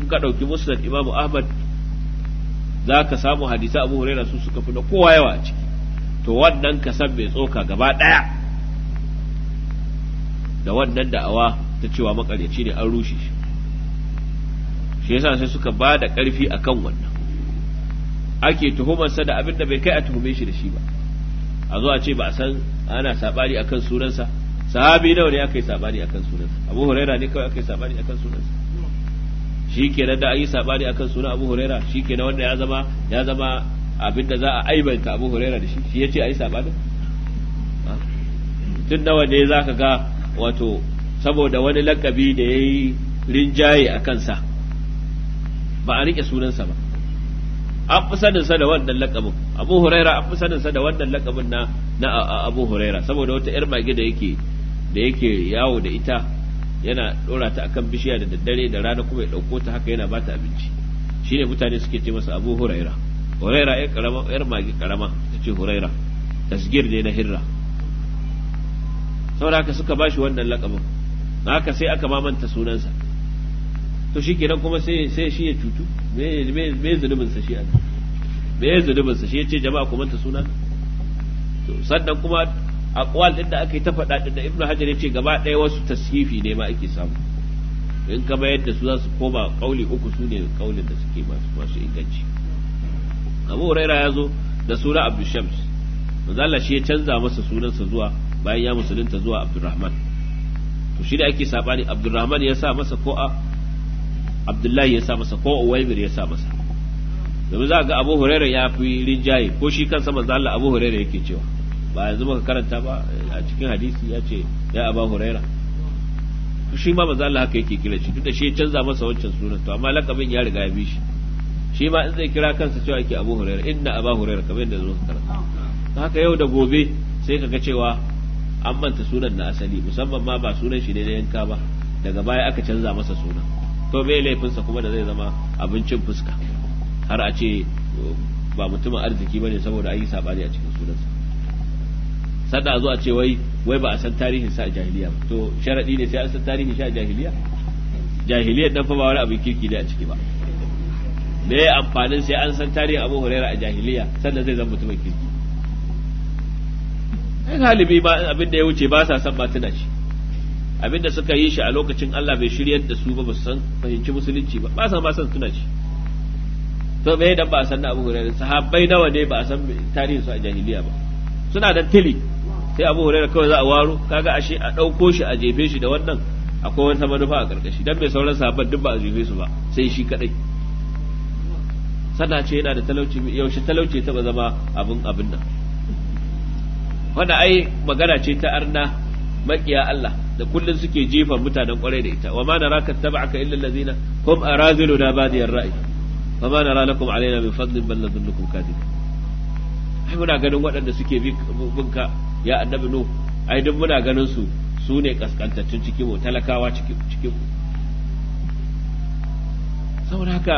in ka ɗauki musnad imamu ahmad za ka samu hadisa abu huraira su suka fi na kowa yawa a ciki to wannan ka san mai tsoka gaba ɗaya da wannan da'awa ta cewa makaryaci ne an rushe shi shi yasa sai suka ba da ƙarfi a kan wannan ake tuhumarsa da abin da bai kai a tuhume shi da shi ba a zo a ce ba a san ana saɓani akan sunansa sahabi nawa ne aka yi saɓani akan sunansa abu huraira ne kawai aka yi saɓani akan sunansa shikenan da ayi sabani akan sunan Abu Huraira shikenan wanda ya zama ya zama abin da za a aibanta Abu Huraira da shi shi yace ayi sabani tun nawa ne zaka ga wato saboda wani lakabi da ya yi rinjaye a kansa ba a rike sunansa ba an fi saninsa da wannan lakabin abu huraira an fi saninsa da wannan lakabin na na abu huraira saboda wata yar mage yake da yake yawo da ita yana dora ta akan bishiya da daddare da rana kuma ya dauko ta haka yana bata abinci shine mutane suke ce masa Abu Huraira Huraira ya karama yar magi karama tace Huraira tasgir ne na Hirra saboda haka suka bashi wannan lakabin haka sai aka mamanta sunansa to shikenan kuma sai sai shi ya tutu me me me zunubin sa shi an me zunubin sa shi yace jama'a ku manta suna to sannan kuma aqwal din da aka yi ta faɗa din da ibnu hajar ya ce gaba ɗaya wasu tashifi ne ma ake samu in ka bayar da su za su koma kauli uku su ne kaulin da suke masu inganci abu huraira ya zo da suna abdul shams manzala shi ya canza masa sunansa zuwa bayan ya musulunta zuwa abdurrahman to shi da ake sabani abdurrahman ya sa masa ko a abdullahi ya sa masa ko uwaimir ya sa masa domin za ga abu huraira ya fi rinjaye ko shi kansa manzala abu huraira yake cewa ba yanzu muka karanta ba a cikin hadisi ya ce ya aba huraira shi ma za Allah haka yake kira shi duk da shi canza masa wancan sunan to amma lakabin ya riga ya bi shi shi ma in zai kira kansa cewa yake abu huraira inna aba huraira kamar yadda zuwa karanta haka yau da gobe sai ka ga cewa an manta sunan na asali musamman ma ba sunan shi ne na yanka ba daga baya aka canza masa sunan to me laifinsa kuma da zai zama abincin fuska har a ce ba mutumin arziki bane saboda ayi yi sabani a cikin sunansa sannan a zo a ce wai wai ba a san tarihin sa a jahiliya ba to sharadi ne sai an san tarihin sa a jahiliya dan fa ba wani abin kirki ne a ciki ba me ya amfanin sai an san tarihin Abu Huraira a jahiliya sannan zai zama mutumin kirki ai halibi ba abin da ya wuce ba sa san ba tuna shi abin da suka yi shi a lokacin Allah bai shiryar da su ba ba san fahimci musulunci ba ba sa ba san tuna shi to me dan ba san na Abu Huraira sahabbai nawa ne ba san tarihin su a jahiliya ba suna da tili sai abu huraira kawai za a waro kaga ashe a ɗauko shi a jefe shi da wannan akwai wata manufa a ƙarƙashi don mai sauran sahabban duk ba a jefe su ba sai shi kadai sana ce yana da talauci yaushe talauci ta zama abin abin nan wanda ai magana ce ta arna makiya Allah da kullun suke jefa mutanen kwarai da ita wa ma naraka tabaka illa allazina hum araziluna badiyar ra'i wa ma nara lakum alaina min fadlin bal nadhunnukum kadhibin ai muna ganin waɗanda suke bin ka ya annabi nu ai duk muna ganin su su ne kaskantattun cikin mu talakawa cikin mu saboda haka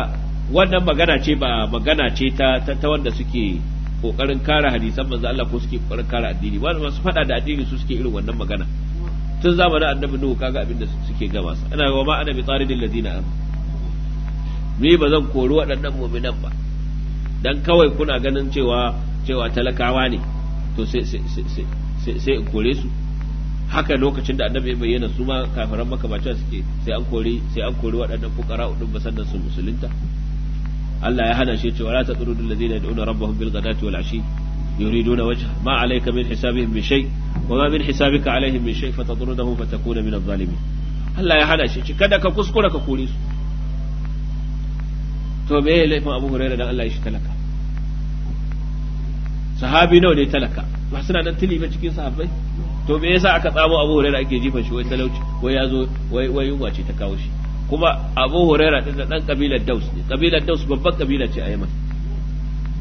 wannan magana ce ba magana ce ta ta wanda suke kokarin kare hadisan manzo Allah ko suke kokarin kare addini ba masu fada da addini su suke irin wannan magana tun zamanin annabi nuhu kaga abin da suke gaba sa ana wa ma ana bi ladina am ni ba zan kori waɗannan mu'minan ba dan kawai kuna ganin cewa cewa talakawa ne to sai sai in kore su haka lokacin da annabi ya bayyana su ma kafiran maka ba suke sai an kore sai an kore waɗannan fukara din ba sannan su musulunta Allah ya hana shi cewa la taqrudu allazina yad'una rabbahum bil ghadati wal ashi yuriduna wajha ma alayka min hisabihim min shay wa ma min hisabika alaihim min shay fatadrudahu fatakuna min adh-dhalimin Allah ya hana shi kada ka kuskura ka kore su to me laifin Abu Hurairah dan Allah ya shi talaka sahabi nawa ne talaka ba suna nan tili ba cikin sahabbai to me yasa aka tsamo abu hurera ake jifa shi wai talauci wai ya zo wai wai yunwa ce ta kawo shi kuma abu hurera din dan kabilar daus ne kabilar daus babban kabila ce a yaman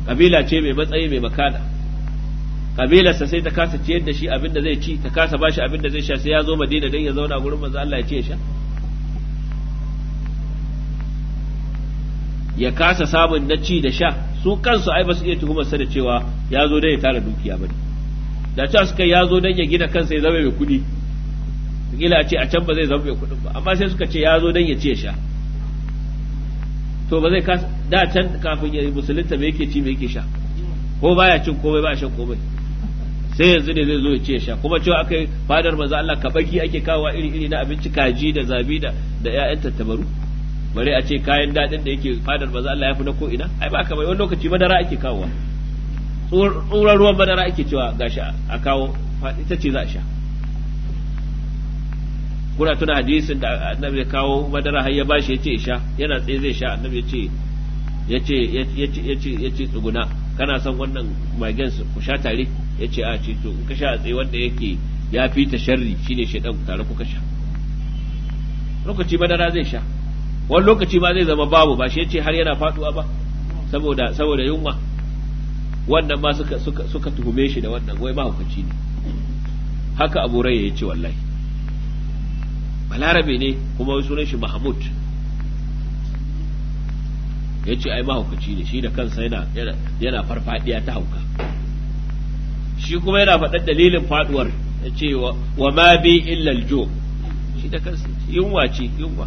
kabila ce mai matsayi mai makana sa sai ta kasa ciyar da shi abin da zai ci ta kasa bashi abin da zai sha sai ya zo madina dan ya zauna gurin manzo Allah ya ce ya sha ya kasa samun na ci da sha su kansu ai ba su iya tuhumar sa da cewa ya zo dan ya tara dukiya bane da cewa suka ya zo dan ya gina kansa ya zama mai kuɗi kila a ce a can ba zai zama mai kuɗin ba amma sai suka ce ya zo dan ya ci ya sha to ba zai kasa da can kafin ya musulunta me yake ci me yake sha ko baya cin komai ba shan komai sai yanzu ne zai zo ya ce ya sha kuma cewa akai fadar manzo Allah kabaki ake kawo iri iri na abinci kaji da zabi da da ƴaƴan tattabaru bare a ce kayan dadin da yake fadar manzo Allah ya fi na ko ina ai ba kamar wani lokaci madara ake kawowa tsoron ruwan madara ake cewa gashi a kawo ita ce za a sha kuna tuna hadisin da annabi ya kawo madara har ya bashi ya ce sha yana tsaye zai sha annabi ya ce ya ce ya ce tsuguna kana son wannan magen ku sha tare ya ce a ce to in ka sha a tsaye wanda yake ya fi ta sharri shine shaidan tare kuka sha lokaci madara zai sha wani lokaci ma zai zama babu ba shi ce har yana faduwa ba saboda saboda yunwa wannan ma suka suka suka tuhume shi da wannan wai mahaukaci ne haka Abu ya ce wallahi balarabe ne kuma sunan shi Mahmud ce ai mahaukaci ne shi da kansa yana yana farfadiya ta hauka shi kuma yana faɗar dalilin faduwar ce wa ma bi illa aljo shi da kansa yunwa ce yunwa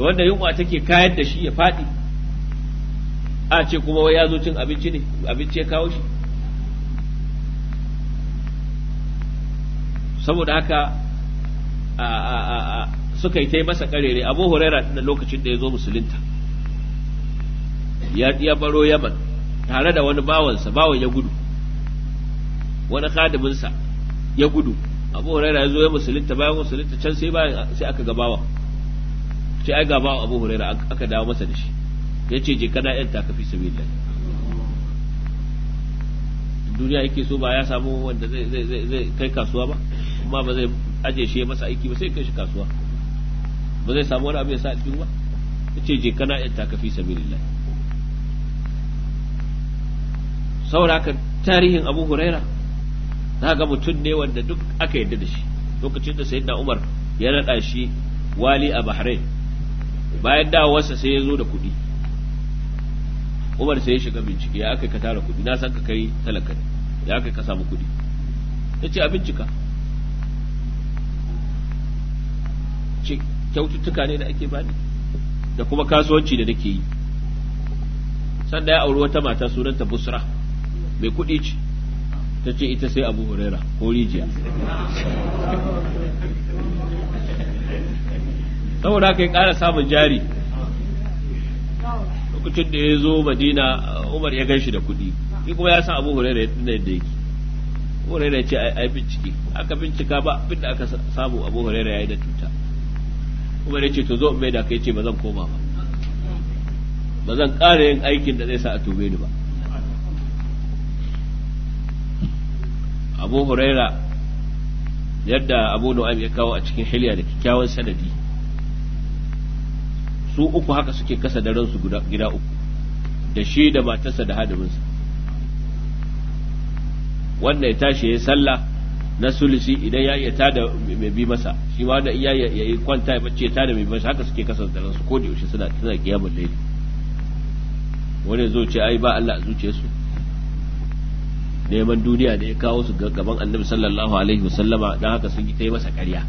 to wanda yunwa take kayar da shi ya faɗi a ce kuma wai ya zo cin abinci ne abinci ya kawo shi saboda haka suka yi ta masa karere abu huraira na lokacin da ya zo musulunta ya baro yaman tare da wani bawansa bawan ya gudu wani khadiminsa ya gudu abu huraira ya zo ya musulunta bayan musulunta can sai sai aka gabawa bawan ce ai ga ba Abu Huraira aka dawo masa da shi yace je kada yan takafi sabilillah duniya yake so ba ya samu wanda zai zai zai kai kasuwa ba kuma ba zai aje shi masa aiki ba sai kai shi kasuwa ba zai samu wani abu ya sa cikin ba yace je kana yan takafi sabilillah saboda haka tarihin Abu Huraira za ga mutum ne wanda duk aka yarda da shi lokacin da sayyidina Umar ya rada shi wali a Bahrain bayan dawowarsa sai ya zo da kuɗi umar sai ya shiga bincike ya aka ka tara kuɗi na san ka kai talaka ya aka ka samu kuɗi Ta ce a bincika kyaututtuka ne da ake bani da kuma kasuwanci da nake yi sanda ya auri wata mata sunanta busra mai kuɗi ce ta ce ita sai abu huraira ko rijiya saboda haka ya kara samun jari lokacin da ya zo madina umar ya ganshi da kuɗi shi kuma ya san abu huraira da yadda yake huraira ya ce ai bincike aka bincika ba abinda aka samu abu huraira ya yi da cuta umar ya ce to zo in mai da ka yi ce ba zan koma ba ba zan kara yin aikin da zai sa a tobe ni ba abu huraira yadda abu nu'am ya kawo a cikin hilya da kyakkyawan sanadi su uku haka suke kasa da ransu gida uku da shi da matarsa da hadiminsa wanda ya tashi ya sallah na sulusi idan ya iya tada mai bi masa shi ma wanda iya ya yi kwanta ya bacci ya tada mai bi masa haka suke kasa da ransu ko da yaushe suna tana kiyamul layli wani zo ce ai ba Allah a su neman duniya da ya kawo su gaban annabi sallallahu alaihi wasallama don haka sun yi ta yi masa ƙarya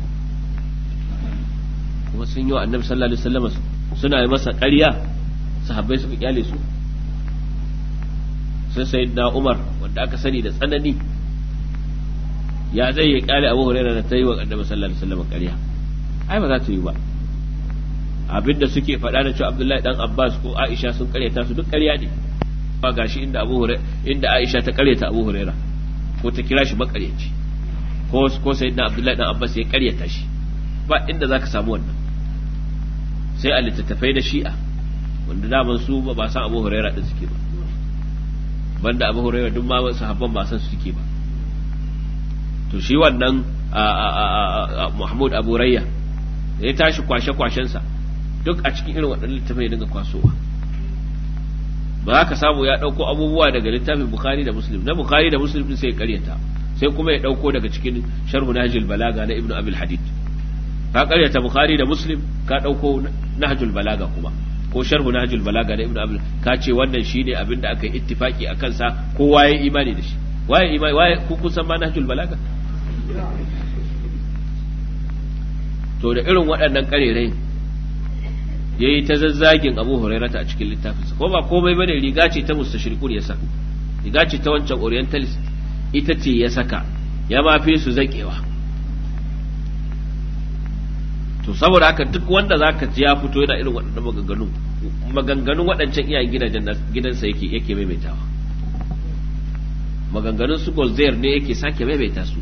kuma sun yi wa annabi sallallahu alaihi wasallama suna yi masa ƙarya sahabbai suka kyale su sai sai na umar wanda aka sani da tsanani ya zai ya kyale abu hurairah da ta yi wa annabi sallallahu alaihi wasallam ƙarya ai ba za ta yi ba abin da suke faɗa da cewa abdullahi dan abbas ko aisha sun ƙaryata su duk ƙarya ne ba gashi inda abu inda aisha ta ƙaryata abu hurairah ko ta kira shi makaryaci ko ko sayyidina abdullahi dan abbas ya ƙaryata shi ba inda zaka samu wannan sai a littattafai da shi'a wanda daman su ba san abu huraira din suke ba banda abu huraira duk ma sahabban ba san su suke ba to shi wannan Muhammad Abu Rayya ya tashi kwashe-kwashensa duk a cikin irin waɗannan littafin ya dinga kwasowa ba za ka samu ya ɗauko abubuwa daga littafin Bukhari da Muslim na Bukhari da Muslim din sai ya karyata sai kuma ya ɗauko daga cikin sharhu Nahjul Balaga na Ibn Abil Hadid ka karyata bukhari da muslim ka dauko nahjul balaga kuma ko sharhu nahjul balaga da ibnu abdul ka ce wannan shine abin da aka yi ittifaki a kansa kowa ya imani da shi waye imani waye ku kun san ma nahjul balaga to da irin waɗannan karerai yayi ta zazzagin abu hurairata a cikin littafinsa ko ba komai bane riga ce ta mustashriqun ya saka riga ce ta wancan orientalist ita ce ya saka ya ma fi su zakewa to saboda haka duk wanda zaka ji ya fito yana irin waɗannan maganganu maganganun waɗancan iyayen gidajen gidansa yake yake maimaitawa maganganun su Golzair ne yake sake maimaita su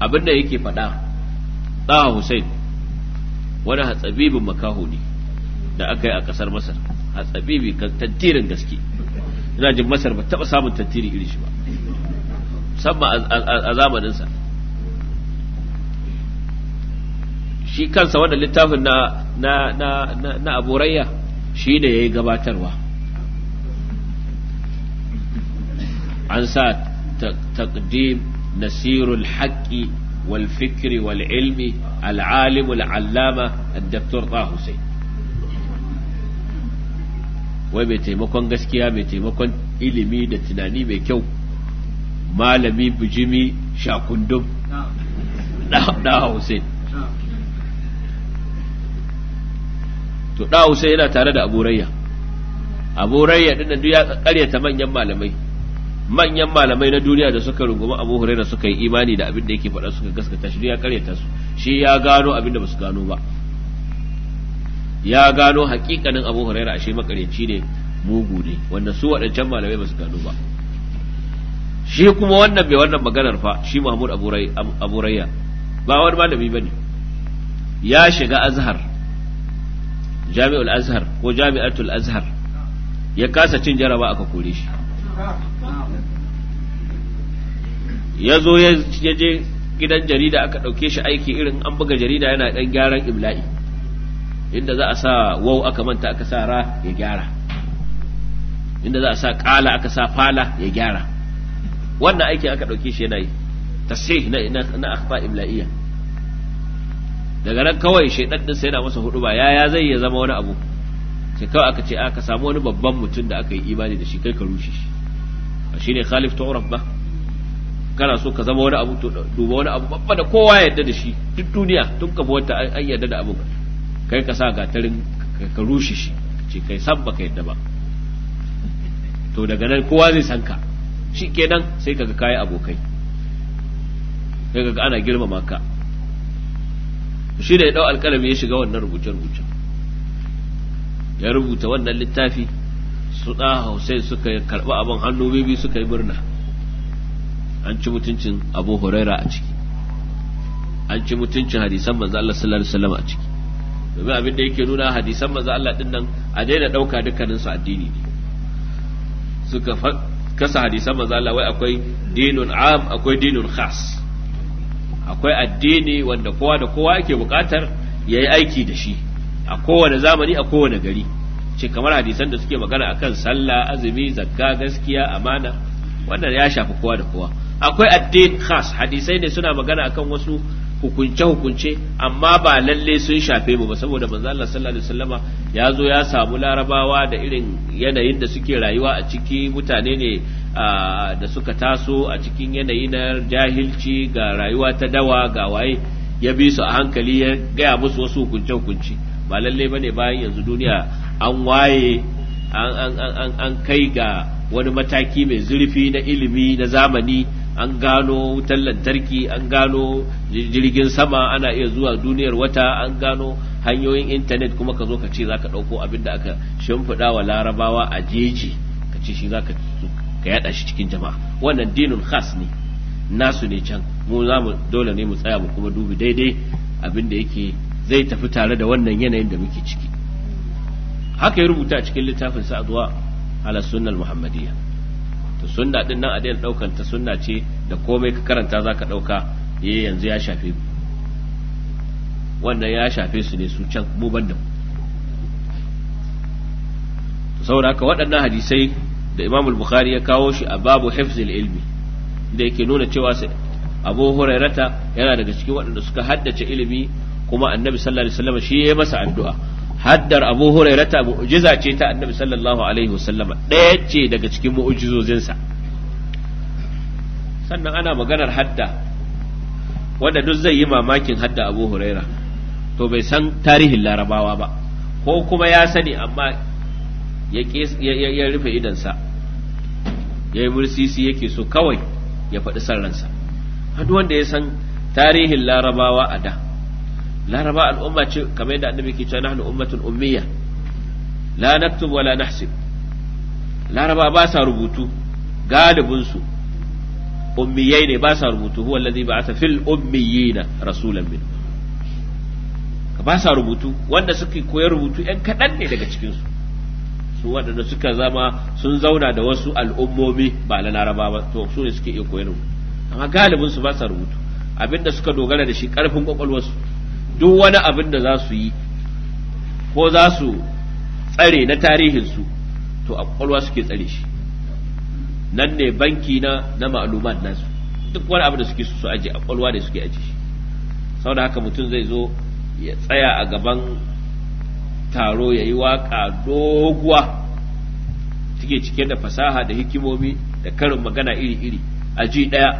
abin da yake faɗa ɗaha Hussein wani hatsabibin makaho ne da aka yi a ƙasar Masar hatsabibi kan tantirin gaske ina jin Masar ba taɓa samun tantiri iri shi ba musamman a zamaninsa shi kansa wanda littafin na na na na aburayya shi ya yayi gabatarwa an sa taqdim nasirul haqqi wal fikri wal ilmi al alim al allama dr ta husain wai mai taimakon gaskiya mai taimakon ilimi da tunani mai kyau malami bijimi shakundum na Hussein to da sai yana tare da aburayya aburayya ɗin duk ya ta manyan malamai manyan malamai na duniya da suka rungumi abu huraira suka yi imani da abin da yake faɗa suka gaskata shi ya karyata su shi ya gano abin da basu gano ba ya gano hakikanin abu huraira ashe makaryaci ne mugu ne wanda su waɗancan malamai basu gano ba shi kuma wannan bai wannan maganar fa shi mahmud abu rayya ba wani malami bane ya shiga azhar jami'ul azhar ko jami'atul azhar ya kasa cin jaraba aka kore shi ya zo ya je gidan jarida aka ɗauke shi aiki irin an buga jarida yana ɗan gyaran ibla'i inda za a sa wau aka manta aka sa ra ya gyara inda za a sa ƙala aka sa fala ya gyara wannan aikin aka ɗauke shi yana yi tasih na na akhfa ibla'iyya daga nan kawai shaidan din sai yana masa hudu ba yaya zai ya zama wani abu sai kawai aka ce aka ah, samu wani babban mutum da aka yi imani da shi kai ka rushe shi shi shine khalif tu'raf ba kana so ka zama wani abu to duba wani abu babba da kowa yarda da shi duk duniya tun kafa wata an yarda da abu kai ka sa gatarin ka rushe shi ce kai san baka yarda ba to daga nan kowa zai san ka shi kenan sai kaga kayi abokai sai kaga ana girmama ka shi da ya dau alkalami ya shiga wannan rubuce-rubuce ya rubuta wannan littafi su ɗa Hussein suka karɓi abin hannu bibi suka yi murna an ci mutuncin Abu Huraira a ciki an ci mutuncin hadisan manzo Allah sallallahu alaihi wasallam a ciki domin abin da yake nuna hadisan manzo Allah din nan a daina ɗauka dukkanin su addini ne suka kasa hadisan manzo Allah wai akwai dinun am akwai dinun khas akwai addini wanda kowa da kowa yake buƙatar ya yi aiki da shi a kowane zamani a kowane gari ce kamar hadisan da suke magana akan sallah azumi zakka gaskiya amana wannan ya shafi kowa da kowa akwai addin khas hadisai ne suna magana akan wasu hukunce hukunce amma ba lalle sun shafe mu ba saboda manzo Allah sallallahu alaihi wasallama ya zo ya samu larabawa da irin yanayin da suke rayuwa a ciki mutane ne da suka taso a cikin yanayi na jahilci ga rayuwa ta dawa ga waye ya bi su a hankali ya gaya musu wasu hukunce-hukunce ba lallai bane bayan yanzu duniya an waye an kai ga wani mataki mai zurfi na ilimi na zamani an gano wutar lantarki an gano jirgin sama ana iya zuwa duniyar wata an gano hanyoyin intanet kuma ka zo ka ce za ka ɗauko abin da aka shimfiɗa wa larabawa a jeji ka ce shi za ka yada shi cikin jama'a wannan dinun khas ne nasu ne can mu za mu dole ne mu tsaya mu kuma dubi daidai abin da yake zai tafi tare da wannan yanayin da muke ciki haka ya rubuta cikin littafin sa adwa ala sunnal muhammadiyya to sunna din nan a dai daukan ta sunna ce da komai ka karanta zaka dauka eh yanzu ya shafe ku. wannan ya shafe su ne su can mu banda saboda haka waɗannan hadisai da imam bukhari ya kawo shi a babu hifzil ilmi da yake nuna cewa abu hurairata yana daga cikin waɗanda suka haddace ilimi kuma annabi sallallahu alaihi wasallam shi ya masa addu'a haddar abu hurairata mu'jiza ce ta annabi sallallahu alaihi wasallam ɗaya ce daga cikin mu'jizozinsa sannan ana maganar hadda wanda duk zai yi mamakin hadda abu huraira to bai san tarihin larabawa ba ko kuma ya sani amma ya rufe idansa ya yi mursisi yake so kawai ya faɗi san ransa wanda ya san tarihin larabawa a da laraba al'umma ce kamar yadda annabi ke cewa nahnu ummatun ummiya la naktub wala nahsib laraba ba sa rubutu galibin su ummiyai ne ba sa rubutu huwa allazi ba'atha fil ummiyina rasulan min ba sa rubutu wanda suke koyar rubutu yan kaɗan ne daga cikin su su waɗanda suka zama sun zauna da wasu al'ummomi ba na laraba ba to su ne suke iya koyar amma galibin su ba sa rubutu abinda suka dogara da shi karfin kwakwalwarsu duk wani abin da za su yi ko za su tsare na tarihinsu to a kwakwalwa suke tsare shi nan ne banki na na ma'alumat nasu duk wani abin da suke su aje a kwakwalwa da suke aje shi saboda haka mutum zai zo ya tsaya a gaban taro ya yi waƙa doguwa cike cike da fasaha da hikimomi da karin magana iri-iri a ji ɗaya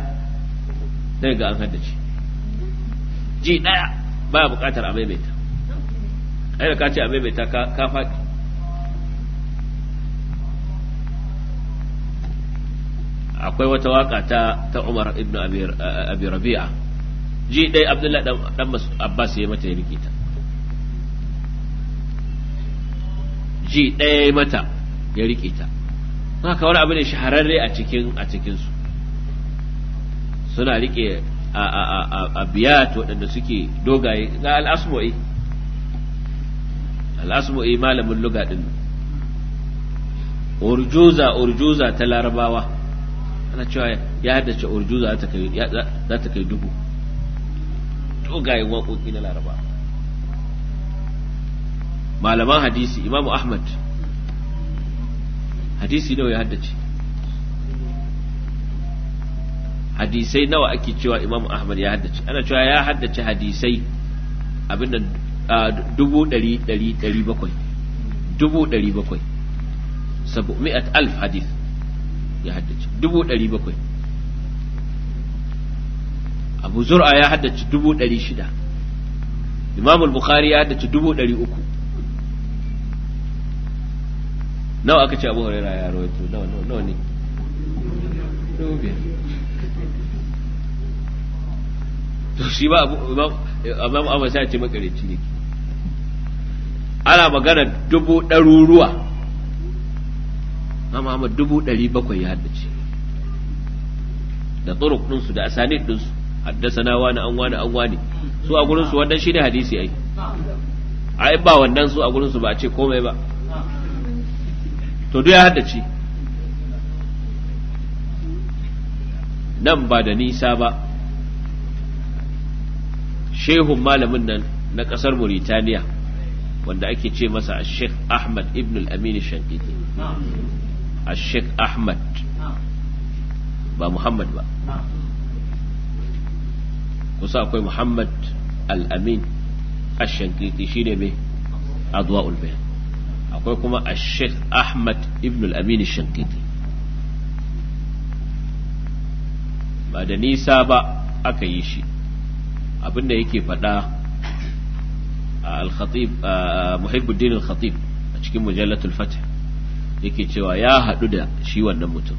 sai ga an haddace ji ɗaya baya buƙatar a maimaita ai da ka ce a maimaita ka faɗi akwai wata waka ta ta Umar ibn Abi Rabi'a ji dai Abdullah dan Abbas ya mata ya rikita. ta ji ɗaya mata ya riƙe ta haka wani abu ne shahararre a cikin a cikin su, suna riƙe a biyat waɗanda suke dogaye ga al'asmo'i al'asmo'i malamin luga ɗin urjuza urjuza ta larabawa ana cewa ya haddace urjuza za ta kai dubu dogaye waƙoƙi na larabawa malaman hadisi imamu ahmad hadisi nawa ya haddace hadisai nawa ake cewa imamu ahmad ya haddace ana cewa ya haddace hadisai abin da dubu ɗari ɗari ɗari bakwai dubu ɗari bakwai sabu mi'at alf hadis ya haddace dubu ɗari bakwai abu zur'a ya haddace dubu ɗari shida imamul bukhari ya haddace dubu ɗari uku nawa aka ce abu huraira ya rawaito nawa nawa ne to shi ba abu amma amma sai ce makareci ne ana magana dubu ɗaruruwa amma amma dubu ɗari bakwai ya haddace da tsuruk ɗinsu da asanid ɗinsu na wani an wani an wani su a gurinsu wannan shi ne hadisi ai ai ba wannan su a gurinsu ba a ce komai ba to duk ya haddace nan ba da nisa ba shehun malamin nan na kasar Mauritania wanda ake ce masa a Sheikh Ahmad ibn al-Amin Shankiti Sheikh Ahmad ba Muhammad ba kusa akwai Muhammad al-Amin Shankiti shine mai adwa'ul bayan akwai kuma a sheikh ahmad ibn al-amin shankiti ba da nisa ba aka yi shi abinda yake faɗa muhibbuddin al-khatib a cikin mujallatul fatih yake cewa ya haɗu da shi wannan mutum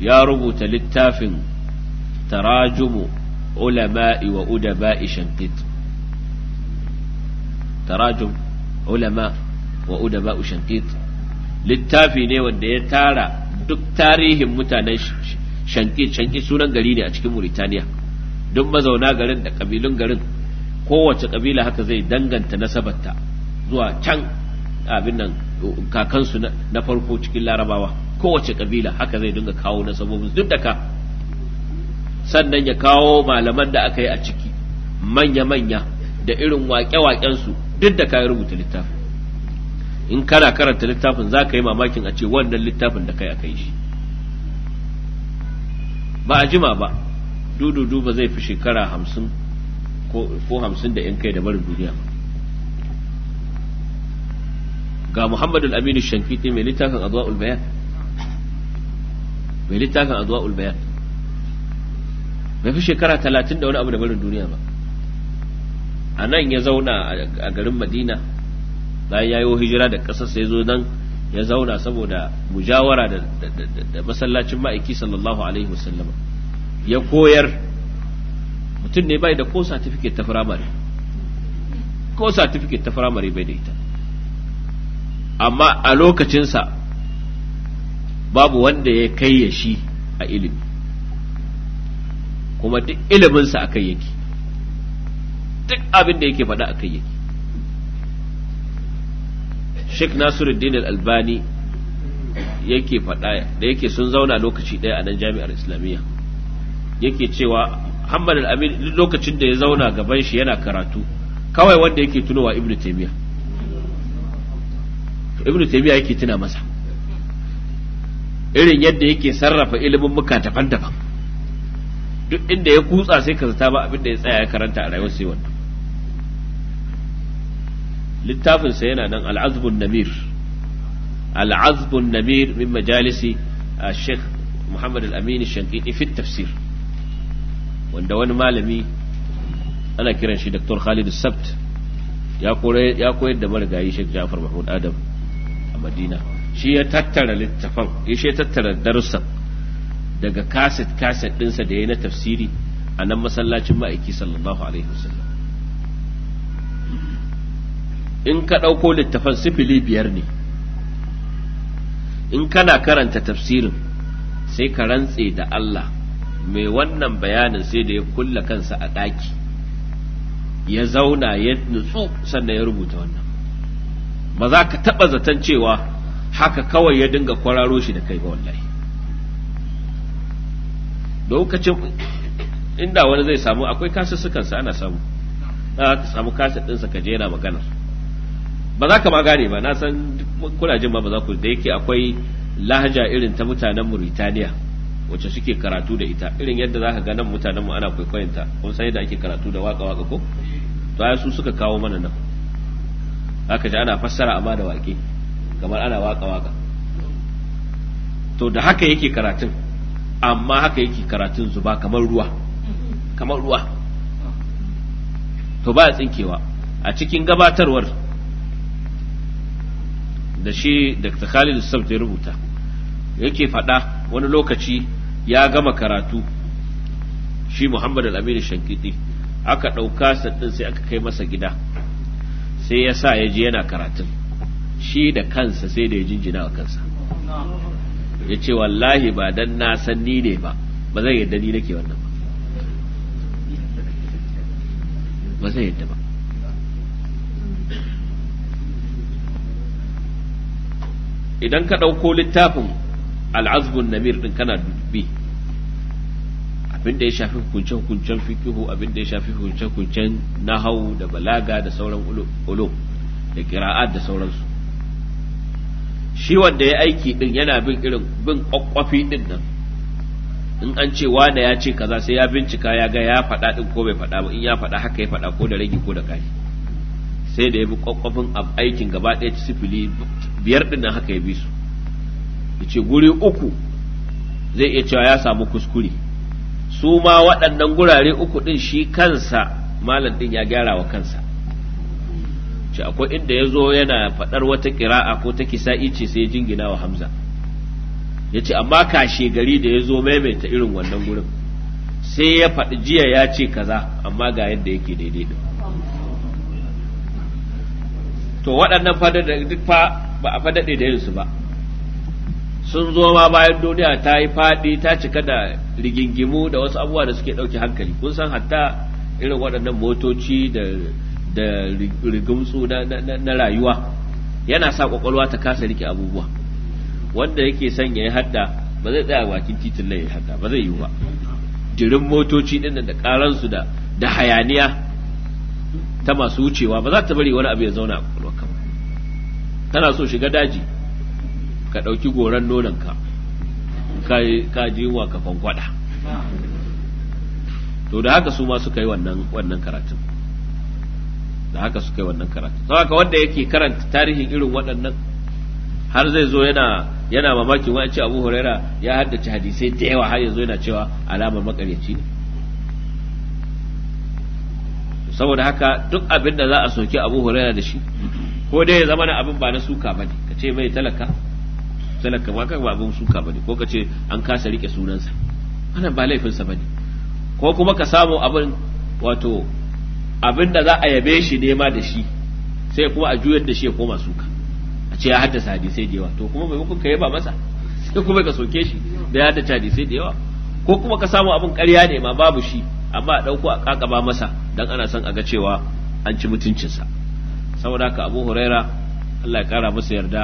ya rubuta littafin tarajumu ulama'i wa udaba'i shankiti tarajum ulama wa udaba shankit littafi ne wanda ya tara duk tarihin mutanen shankit shankit sunan gari ne a cikin Mauritania duk mazauna garin da kabilun garin kowace kabila haka zai danganta nasabarta zuwa can abin nan kakansu na farko cikin larabawa kowace kabila haka zai dinga kawo nasabobin duk da ka sannan ya kawo malaman da aka yi a ciki manya-manya da irin waƙe-waƙensu duk da ka rubuta littafin in kana karanta littafin za ka yi mamakin a ce wannan littafin da kai aka yi shi ba a jima ba dududu ba zai fi shekara hamsin ko hamsin da yan kai da barin duniya ba ga muhammadu aminu shankiti mai littafin azuwa ulbayan mai littafin azuwa ulbayan bai fi shekara talatin da wani abu da barin duniya ba a nan ya zauna a garin madina bayan ya yi hijira da ƙasar sai zo nan ya zauna saboda mujawara da masallacin ma'aiki sallallahu alaihi wasallam ya koyar mutum ne bai da ko certificate ta firamare ko certificate ta firamare bai da ita amma a lokacinsa babu wanda ya kai ya shi a ilimi kuma duk iliminsa a kai yake duk abin da yake faɗa a kai yake Sheikh Nasiruddin Al-Albani yake faɗa da yake sun zauna lokaci ɗaya a nan jami'ar Islamiyya yake cewa Muhammad Al-Amin lokacin da ya zauna gaban shi yana karatu kawai wanda yake tunowa Ibn Taymiyyah Ibn Taymiyyah yake tuna masa irin yadda yake sarrafa ilimin muka daban-daban duk inda ya kutsa sai ka zata ba abin da ya tsaya ya karanta a rayuwar sai wannan littafin sa yana nan al'azbun namir al'azbun namir min majalisi a sheikh muhammad al-amini shankiti fit tafsir wanda wani malami ana kiran shi dr khalid sabt ya koyar da marigayi sheikh jafar mahmud adam a madina shi ya tattara littafan ya shi tattara darussa daga kaset kaset dinsa da ya na tafsiri a nan masallacin ma'aiki sallallahu alaihi wasallam in ka ɗauko littafan sifili biyar ne in kana karanta tafsirin sai ka rantse da Allah mai wannan bayanin sai da ya kulla kansa a ɗaki ya zauna ya nutsu sannan ya rubuta wannan ba za ka taɓa zaton cewa haka kawai ya dinga kwararo shi da kai ba wallahi lokacin inda wani zai samu akwai sukansa ana samu za ka samu kasa ɗinsa ka jera maganar ba za ka ma gane ba na san kuna jin ma ba za ku da yake akwai lahaja irin ta mutanen Mauritania wacce suke karatu da ita irin yadda za ka ga nan mutanen mu ana ta kun san yadda ake karatu da waka waka ko to ai su suka kawo mana nan haka ji ana fassara amma da wake kamar ana waka waka to da haka yake karatun amma haka yake karatun zuba kamar ruwa kamar ruwa to ba tsinkewa a cikin gabatarwar da shi Dr. Khalid Sabt ya rubuta yake faɗa wani lokaci ya gama karatu shi Muhammad al-Amin Shankidi aka ɗauka ɗin sai aka kai masa gida sai ya sa ya je yana karatun shi da kansa sai da ya jinjina a kansa ya ce wallahi ba dan na san ni ne ba ba zai yadda ni nake wannan ba ba zai yadda ba idan ka ɗauko littafin al'azbun namir ɗin kana dubi abin da ya shafi hukunce hukuncen fikihu abin da ya shafi hukuncen hukuncen nahawu da balaga da sauran ulo da kira'at da sauransu shi wanda ya aiki ɗin yana bin irin bin ƙwaƙwafi ɗin nan in an ce wanda ya ce kaza sai ya bincika ya ga ya faɗa ɗin ko bai faɗa ba in ya faɗa haka ya faɗa ko da rage ko da kai sai da ya bi ƙwaƙwafin aikin gaba ɗaya sifili biyar ɗin nan haka ya bi su Ya ce guri uku zai iya cewa ya samu kuskure su ma waɗannan gurare uku ɗin shi kansa malam ɗin ya gyara wa kansa ce akwai inda ya zo yana faɗar wata ƙira'a ko ta kisa ce sai jingina wa hamza ya ce amma kashe gari da ya zo maimaita irin wannan gurin sai ya faɗi jiya ya ce kaza amma ga yadda yake daidai to waɗannan fadar da duk fa ba a faɗaɗe da yinsu ba sun zo ma bayan duniya ta yi faɗi ta cika da rigingimu da wasu abubuwa da suke ɗauke hankali kun san hatta irin waɗannan motoci da da rigimtsu na rayuwa yana sa ƙwaƙwalwa ta kasa rike abubuwa wanda yake son ya yi hadda ba zai tsaya bakin titin nan ya hadda ba zai yi ba jirin motoci ɗin da ƙaransu da da hayaniya ta masu wucewa ba za ta bari wani abu ya zauna a ƙwaƙwalwa kamar kana so shiga daji ka ɗauki goran nonanka ka ji wa ka kwankwada to da haka su ma suka yi wannan wannan karatun da haka suka yi wannan karatun sau haka wanda yake karanta tarihin irin waɗannan har zai zo yana yana mamakin wani abu huraira ya haddace hadisai da yawa har yanzu yana cewa alamar makaryaci ne saboda haka duk abin da za a soki abu huraira da shi ko dai ya zama na abin ba na suka bane ka ce mai talaka talaka ma ba abin suka bane ko ka ce an kasa rike sunansa ana ba laifinsa bane ko kuma ka samu abin wato abin da za a yabe shi nema da shi sai kuma a juyar da shi ya koma suka a ce ya haddasa hadisai da yawa to kuma maimakon ka yaba masa sai kuma ka soke shi da ya haddasa hadisai da yawa ko kuma ka samu abin ƙarya ne ma babu shi amma a ɗauko a ƙaƙaba masa don ana son a ga cewa an ci mutuncinsa saboda ka abu huraira Allah ya kara masa yarda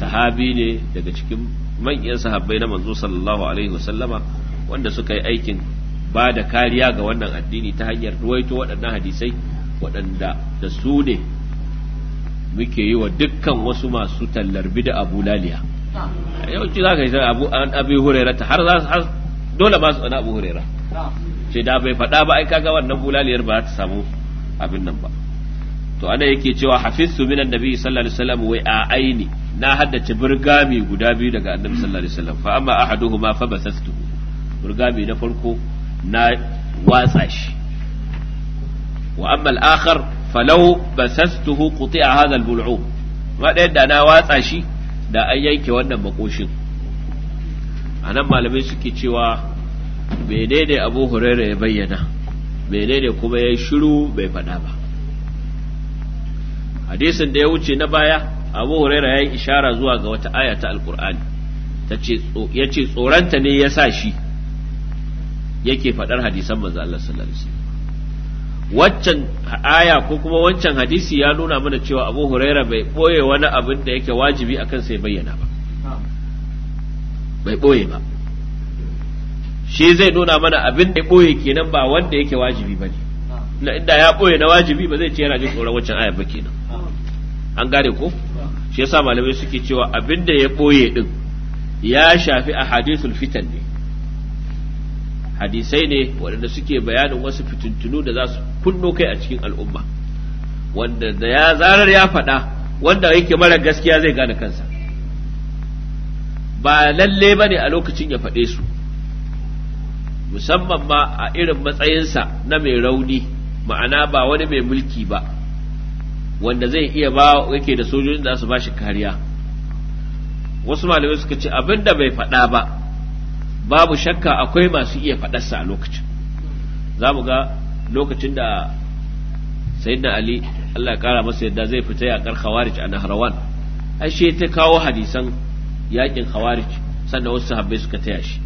sahabi ne daga cikin manyan sahabbai na manzo sallallahu alaihi wasallama wanda suka yi aikin ba da kariya ga wannan addini ta hanyar ruwaito waɗannan hadisai waɗanda da su ne muke yi wa dukkan wasu masu tallar bida abu laliya yawanci za ka yi abu an ta har dole ba su abu hurera ce da bai faɗa ba ai kaga wannan bulaliyar ba za ta samu abin nan ba to ana yake cewa hafiztu min annabi sallallahu alaihi wasallam wa a aini na haddace burgami guda biyu daga annabi sallallahu alaihi wasallam fa amma ahaduhuma fa basastu burgami na farko na watsa shi wa amma al-akhar falau basastuhu quti'a hadha al-bul'um ma da yadda na watsa shi da an yanke wannan makoshin anan malamai suke cewa menene abu hurairah ya bayyana menene kuma ya shiru bai faɗa ba hadisin da ya wuce na baya abu huraira ya yi ishara zuwa ga wata aya ta alkur'ani ya ce tsoranta ne ya sa shi yake faɗar hadisan manzo Allah sallallahu alaihi wasallam waccan aya ko kuma wancan hadisi ya nuna mana cewa abu huraira bai ɓoye wani abin da yake wajibi a sai bayyana ba bai ɓoye ba shi zai nuna mana abin da ya ɓoye kenan ba wanda yake wajibi ba ne inda ya ɓoye na wajibi ba zai ce yana jin tsoron wancan aya ba kenan an gane ko shi yasa malamai suke cewa abin da ya ɓoye din ya shafi a hadithul fitan ne hadisai ne waɗanda suke bayanin wasu fitintunu da za su kunno kai a cikin al'umma wanda da ya zarar ya faɗa wanda yake mara gaskiya zai gane kansa ba lalle ba ne a lokacin ya faɗe su musamman ma a irin matsayinsa na mai rauni ma'ana ba wani mai mulki ba wanda zai iya ba yake da sojojin da su ba shi kariya wasu malamai suka ce abin da bai faɗa ba babu shakka akwai masu iya faɗarsa a lokacin za mu ga lokacin da sayyidina ali Allah ya kara masa yadda zai fita yakar khawarij a nahrawan ai ta kawo hadisan yaƙin khawarij sannan wasu sahabbai suka taya shi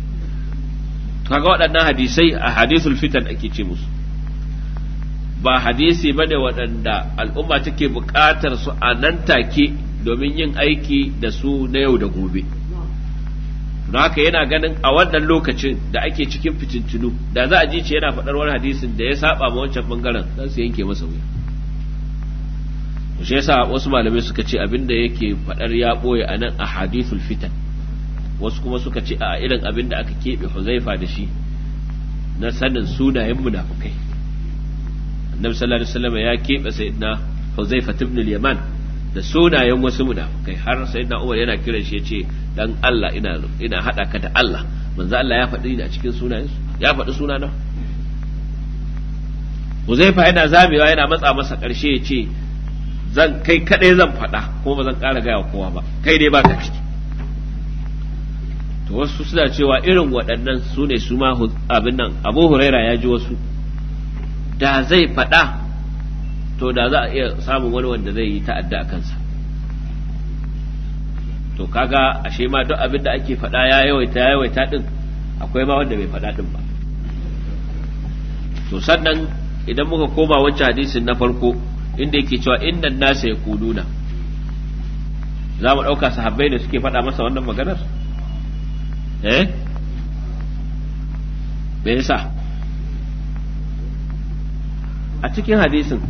kaga waɗannan hadisai a hadisul fitan ake ce musu ba hadisi ba ne waɗanda al'umma take buƙatar su a nan take domin yin aiki da su na yau da gobe haka yana ganin a wannan lokacin da ake cikin fitintunu da za a ji ce yana faɗar wani hadisin da ya saba ma wancan bangaren don su yanke masa wuya shi yasa wasu malamai suka ce abin da yake faɗar ya ɓoye a nan a hadithul fitan wasu kuma suka ce a irin abin da aka keɓe huzaifa da shi na sanin sunayen munafukai annabi sallallahu alaihi wasallam ya keɓe sayyidina Huzaifa ibn al-Yaman da sunayen wasu kai har sayyidina Umar yana kiran shi yace dan Allah ina ina hada ka da Allah manzo Allah ya faɗi a cikin sunayen ya faɗi sunana Huzaifa yana zamewa yana matsa masa ƙarshe ya ce zan kai kaɗai zan faɗa kuma ba zan ƙara gaya kowa ba kai dai ba ka ciki to wasu suna cewa irin waɗannan su ne su ma abin nan abu huraira ya ji wasu da zai faɗa to da za a iya samun wani wanda zai yi ta'adda a kansa to kaga ashe ma duk abin da ake faɗa ya yawaita ya yawaita din akwai ma wanda bai faɗa din ba to sannan idan muka koma wancan hadisin na farko inda yake cewa innan nasa ya kuduna za mu ɗauka sahabbai da suke faɗa masa wannan maganar eh me yasa a cikin hadisin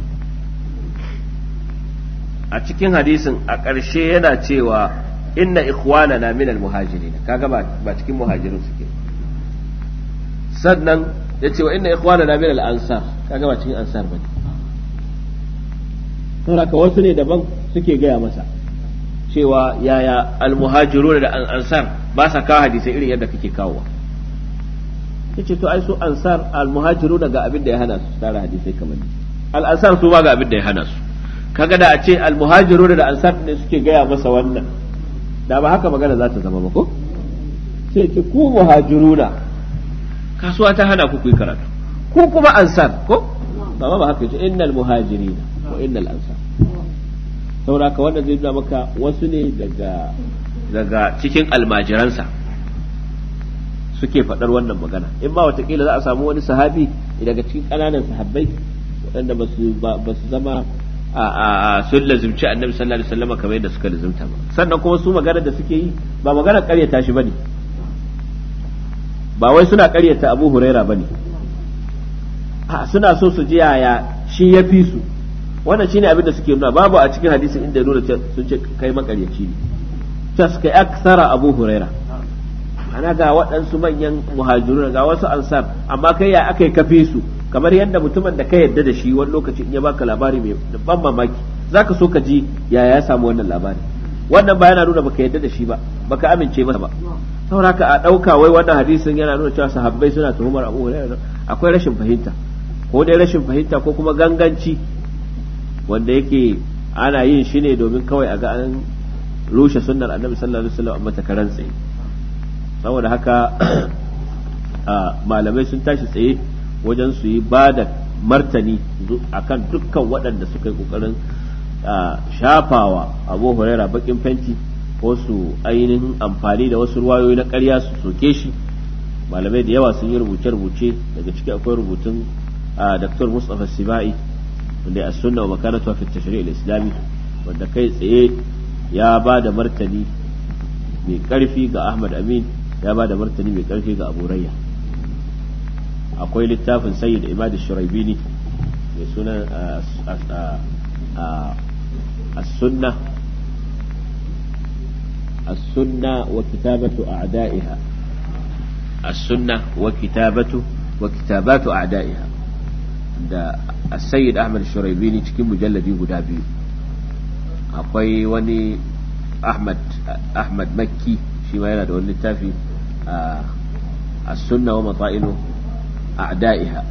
a cikin hadisin a ƙarshe yana cewa inna ikhwana na minal muhajirin kaga ba cikin muhajirin suke sannan ya ce wa inna ikhwana na minal ansar kaga ba cikin ansar ne. saboda ka wasu ne daban suke gaya masa cewa yaya almuhajiruna da ansar ba sa kawo hadisai irin yadda kake kawo. yace to ai su ansar al muhajiru daga abin da ya hana su tara hadisai kamar ni al ansar su ba ga abin da ya hana su kaga da a ce al muhajiru da ansar ne suke gaya masa wannan da ba haka magana za ta zama ba ko sai ce ku muhajiruna kasuwa ta hana ku kuyi karatu ku kuma ansar ko ba ba haka ce innal muhajirina wa innal ansar saboda ka wanda zai da maka wasu ne daga daga cikin almajiransa suke faɗar wannan magana in ba watakila za a samu wani sahabi daga cikin ƙananan sahabbai waɗanda ba su zama a sun lazimci annabi sallallahu alaihi wasallam kamar yadda suka lazimta ba sannan kuma su magana da suke yi ba magana ƙaryata shi bane ba wai suna ƙaryata Abu Huraira bane a suna so su ji yaya shi ya fi su wannan shine abin da suke nuna babu a cikin hadisin inda nuna sun ce kai makaryaci ne ta suka aksara Abu Huraira ana ga waɗansu manyan muhajiruna ga wasu ansar amma kai ya aka yi kafe su kamar yadda mutumin da ka yadda da shi wani lokaci in ya baka labari mai ban mamaki zaka so ka ji ya ya samu wannan labari wannan ba yana nuna baka yadda da shi ba baka amince masa ba saboda haka a ɗauka wai wannan hadisin yana nuna cewa sahabbai suna tuhumar abu akwai rashin fahimta ko dai rashin fahimta ko kuma ganganci wanda yake ana yin shi ne domin kawai a ga an rushe sunnar annabi sallallahu alaihi wasallam amma ta tsaye. saboda haka malamai sun tashi tsaye wajen su yi ba da martani akan dukkan waɗanda suka yi ƙoƙarin shafawa abu huraira bakin fenti ko su ainihin amfani da wasu ruwayoyi na ƙarya su soke shi malamai da yawa sun yi rubuce-rubuce daga ciki akwai rubutun dr mustapha sibai wanda ya sunna wa makaratu fi tashri'il islami wanda kai tsaye ya ba da martani mai ƙarfi ga ahmad amin ya ba da martani mai karfi ga abu rayya akwai littafin sayyid imad shuraibini mai sunan as-sunna as-sunna wa kitabatu a'da'iha as-sunna wa kitabatu wa kitabatu a'da'iha da as-sayyid ahmad shuraibini cikin mujalladi guda biyu akwai wani ahmad ahmad makki shi ma yana da wani littafi as-sunna wa mata'inu a'da'iha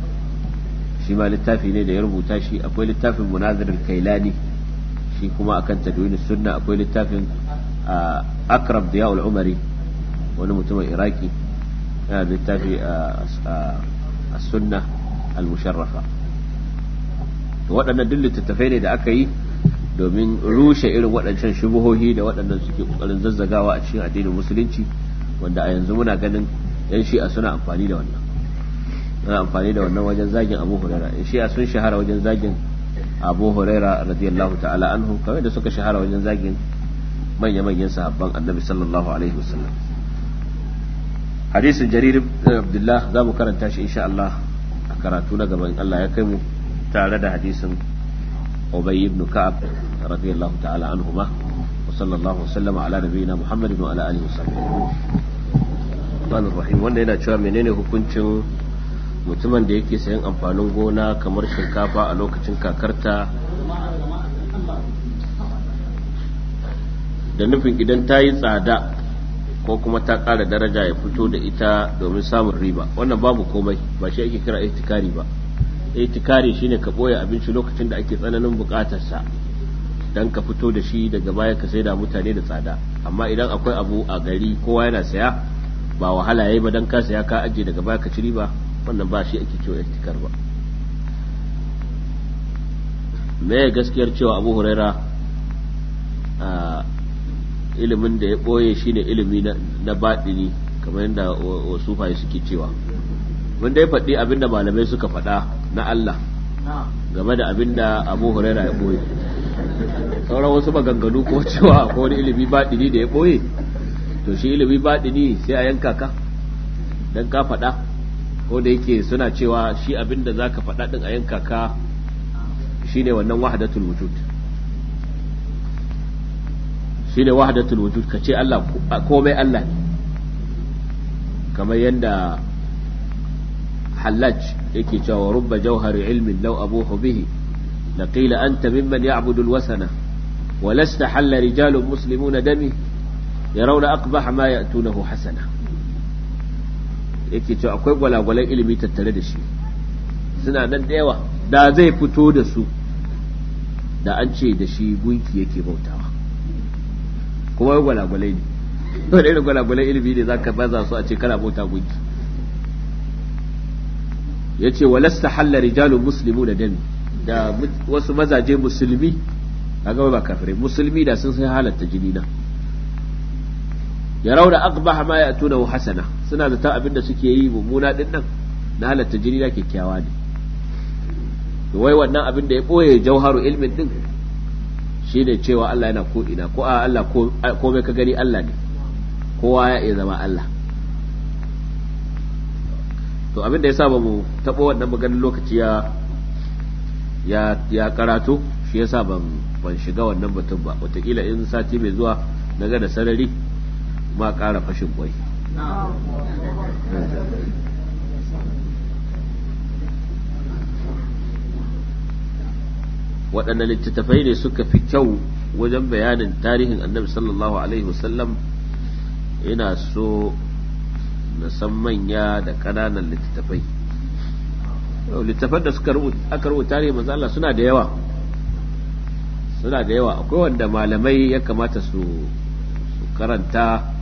shi littafi ne da ya rubuta shi akwai littafin munazir kailani shi kuma akan tadwin sunna akwai littafin akrab da al-umari wani mutumin iraki yana littafi as-sunna al-musharrafa to waɗannan duk littattafai ne da aka yi domin rushe irin waɗancan shubuhohi da waɗannan suke ƙoƙarin zazzagawa a cikin addinin musulunci wanda a yanzu muna ganin yan shi'a suna amfani da wannan suna amfani da wannan wajen zagin abu huraira yan shi'a sun shahara wajen zagin abu huraira radiyallahu ta'ala anhu kamar da suka shahara wajen zagin manya-manyan sahabban annabi sallallahu alaihi wasallam hadisin jarir ibn abdullah za mu karanta shi insha Allah a karatu na gaban Allah ya kai mu tare da hadisin ubay ibn ka'ab radiyallahu ta'ala anhu ma wasallallahu wasallama ala nabiyyina muhammadin wa ala alihi wa rahmanir rahim wanda yana cewa menene hukuncin mutumin da yake sayan amfanin gona kamar shinkafa a lokacin kakarta da nufin idan ta yi tsada ko kuma ta ƙara daraja ya fito da ita domin samun riba wannan babu komai ba shi ake kira itikari ba itikari shine ka ɓoye abinci lokacin da ake tsananin buƙatarsa dan ka fito da shi daga baya ka saida mutane da tsada amma idan akwai abu a gari kowa yana saya ba wahala yayi ba dan ka saya ka aje daga baka ci riba wannan ba shi ake cewa ihtikar ba me gaskiyar cewa Abu Huraira ilimin da ya boye shine ilimi na baɗini kamar yadda wasu faye suke cewa mun dai faɗi abinda malamai suka faɗa na Allah game da abinda Abu Huraira ya boye sauran wasu maganganu ko cewa ko wani ilimi baɗini da ya boye to shi ilimi baɗini sai a yanka ka don ka faɗa ko da yake suna cewa shi abin da za ka faɗa ɗin a yanka ka shine wannan wahdatul wujud shine wahdatul wujud ka ce Allah komai Allah ne kamar yadda hallaj yake cewa rubba jauhar ilmin lau abuhu bihi laqila anta mimman ya'budu na ولست حل رجال مسلمون دمي yarawna aqbah ma ya'tunahu hasana yake cewa akwai gwalagwalan ilimi tattare da shi suna nan da yawa da zai fito da su da an ce da shi gunki yake bautawa kuma wai gwalagwalai ne wani irin gwalagwalan ilimi ne zaka baza su a ce kana bauta gunki yace walasta halla rijalu muslimu da dami da wasu mazaje musulmi kaga ba kafirai musulmi da sun sai halatta jini na yarawna aqbah ma mu hasana suna zata da suke yi mummuna din nan na halatta jini na kyakkyawa ne wai wannan abin da ya boye jauharu ilmin din shi ne cewa Allah yana ko ina ko a Allah ko komai ka gani Allah ne kowa ya iya zama Allah to abin da ya saba mu tabo wannan maganin lokaci ya ya ya karatu shi yasa ban ban shiga wannan batun ba watakila in sati mai zuwa na ga sarari ba ƙara fashin ƙwai. waɗanne littattafai ne suka fi kyau wajen bayanin tarihin annabi sallallahu alaihi wasallam ina so na san manya da ƙananan littattafai littattafan da suka aka rubuta tarihin manzo Allah suna da yawa suna da yawa akwai wanda malamai ya kamata su karanta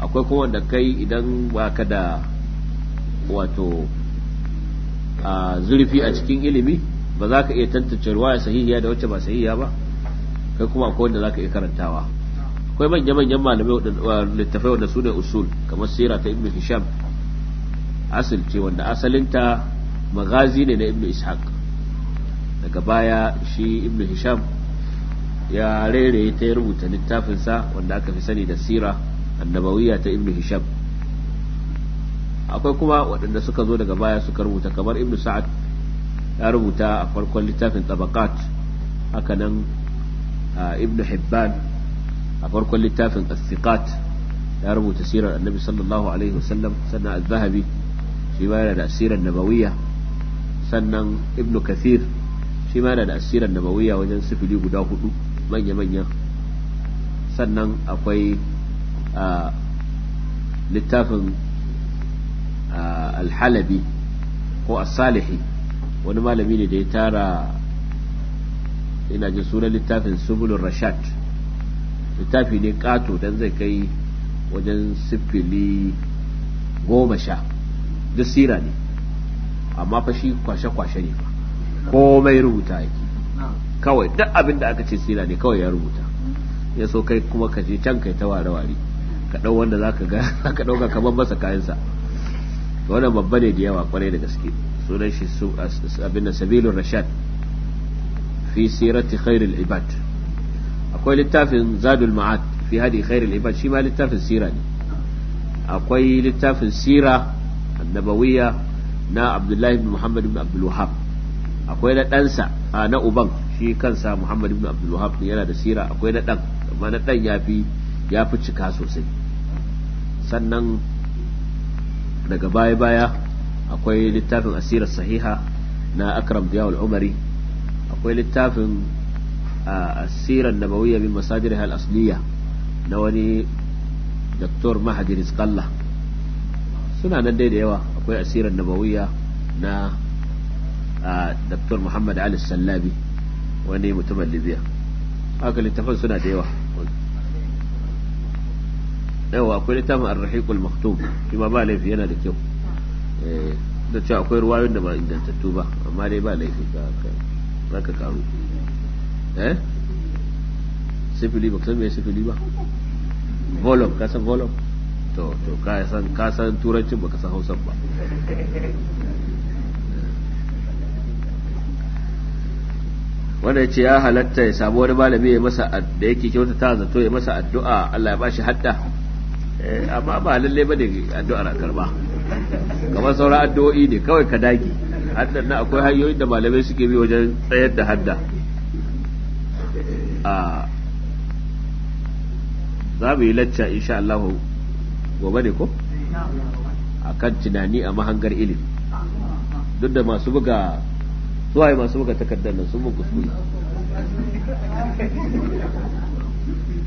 akwai kuma wanda kai idan ba ka da wato a zurfi a cikin ilimi ba za ka iya tantance ruwaya sahihiya da wacce ba sahihiya ba kai kuma akwai wanda za ka iya karantawa akwai manya-manyan malamai littafai wanda su ne usul kamar sira ta ibn hisham asil ce wanda asalinta magazi ne na ibn ishaq daga baya shi ibn hisham ya rere ta rubuta littafinsa wanda aka fi sani da sira annabawiyya ta ibnu hisham akwai kuma waɗanda suka zo daga baya suka rubuta kamar ibnu sa'ad ya rubuta a farkon littafin tabaqat haka nan ibnu hibban a farkon littafin as-siqat ya rubuta sirar annabi sallallahu alaihi wasallam sannan az-zahabi shi ma yana da asirar nabawiyya sannan ibnu kathir shi ma yana da asirar nabawiyya wajen sifili guda hudu manya-manya sannan akwai littafin alhalabi ko asalihi salihi wani malami ne da ya tara ina jin sunan littafin subulun rashad littafi ne kato don zai kai wajen sifili goma sha duk sira ne amma fa shi kwashe-kwashe ne fa komai rubuta yake kawai duk abin da aka ce sira ne kawai ya rubuta ya so kai kuma kaje can kai ta ware-ware ka dau wanda zaka ga ka ɗauka kaman masa kayansa wannan babba ne da yawa kwarai da gaske sunan shi abinda sabilur rashad fi sirati khairil ibad akwai littafin zadul ma'ad fi hadi khairil ibad shi ma littafin sira ne akwai littafin sira annabawiyya na abdullahi ibn muhammad bin abdul wahab akwai na ɗansa na uban shi kansa muhammad bin abdul wahab yana da sira akwai na ɗan amma na ɗan ya fi ya fi cika sosai sannan daga baya-baya akwai littafin asirar sahiha na akram diyawul umari akwai littafin asirar nabawiyya min masajir hal na wani doktor mahadi iskalla suna nan dai da yawa akwai asirar nabawiyya na doktor muhammad ali sallabi wani mutumin libya haka littafin suna da yawa yawa akwai littafin ar-rahiqul maktum shi ma ba laifi yana da kyau eh, da cewa akwai ruwayoyin da ba ingantattu ba amma dai ba laifi za ka karu eh sifili ba san me sifili ba volum ka san volum to to ka san ka san turancin ba ka san hausa ba wanda ya ce ya halatta ya samu wani malami ya masa da yake kyautata zato ya masa addu'a Allah ya bashi hadda Eh, amma ba lalle ba ne addu'ar a karba kamar sauran addu'o'i ne kawai ka dage haddana akwai hanyoyin da malamai suke bi wajen tsayar da hadda eh, a za mu yi lacca insha Allah gobe ne ko a kan tunani a mahangar ilim duk da masu buga suwaye masu buga takardar nan sun buga su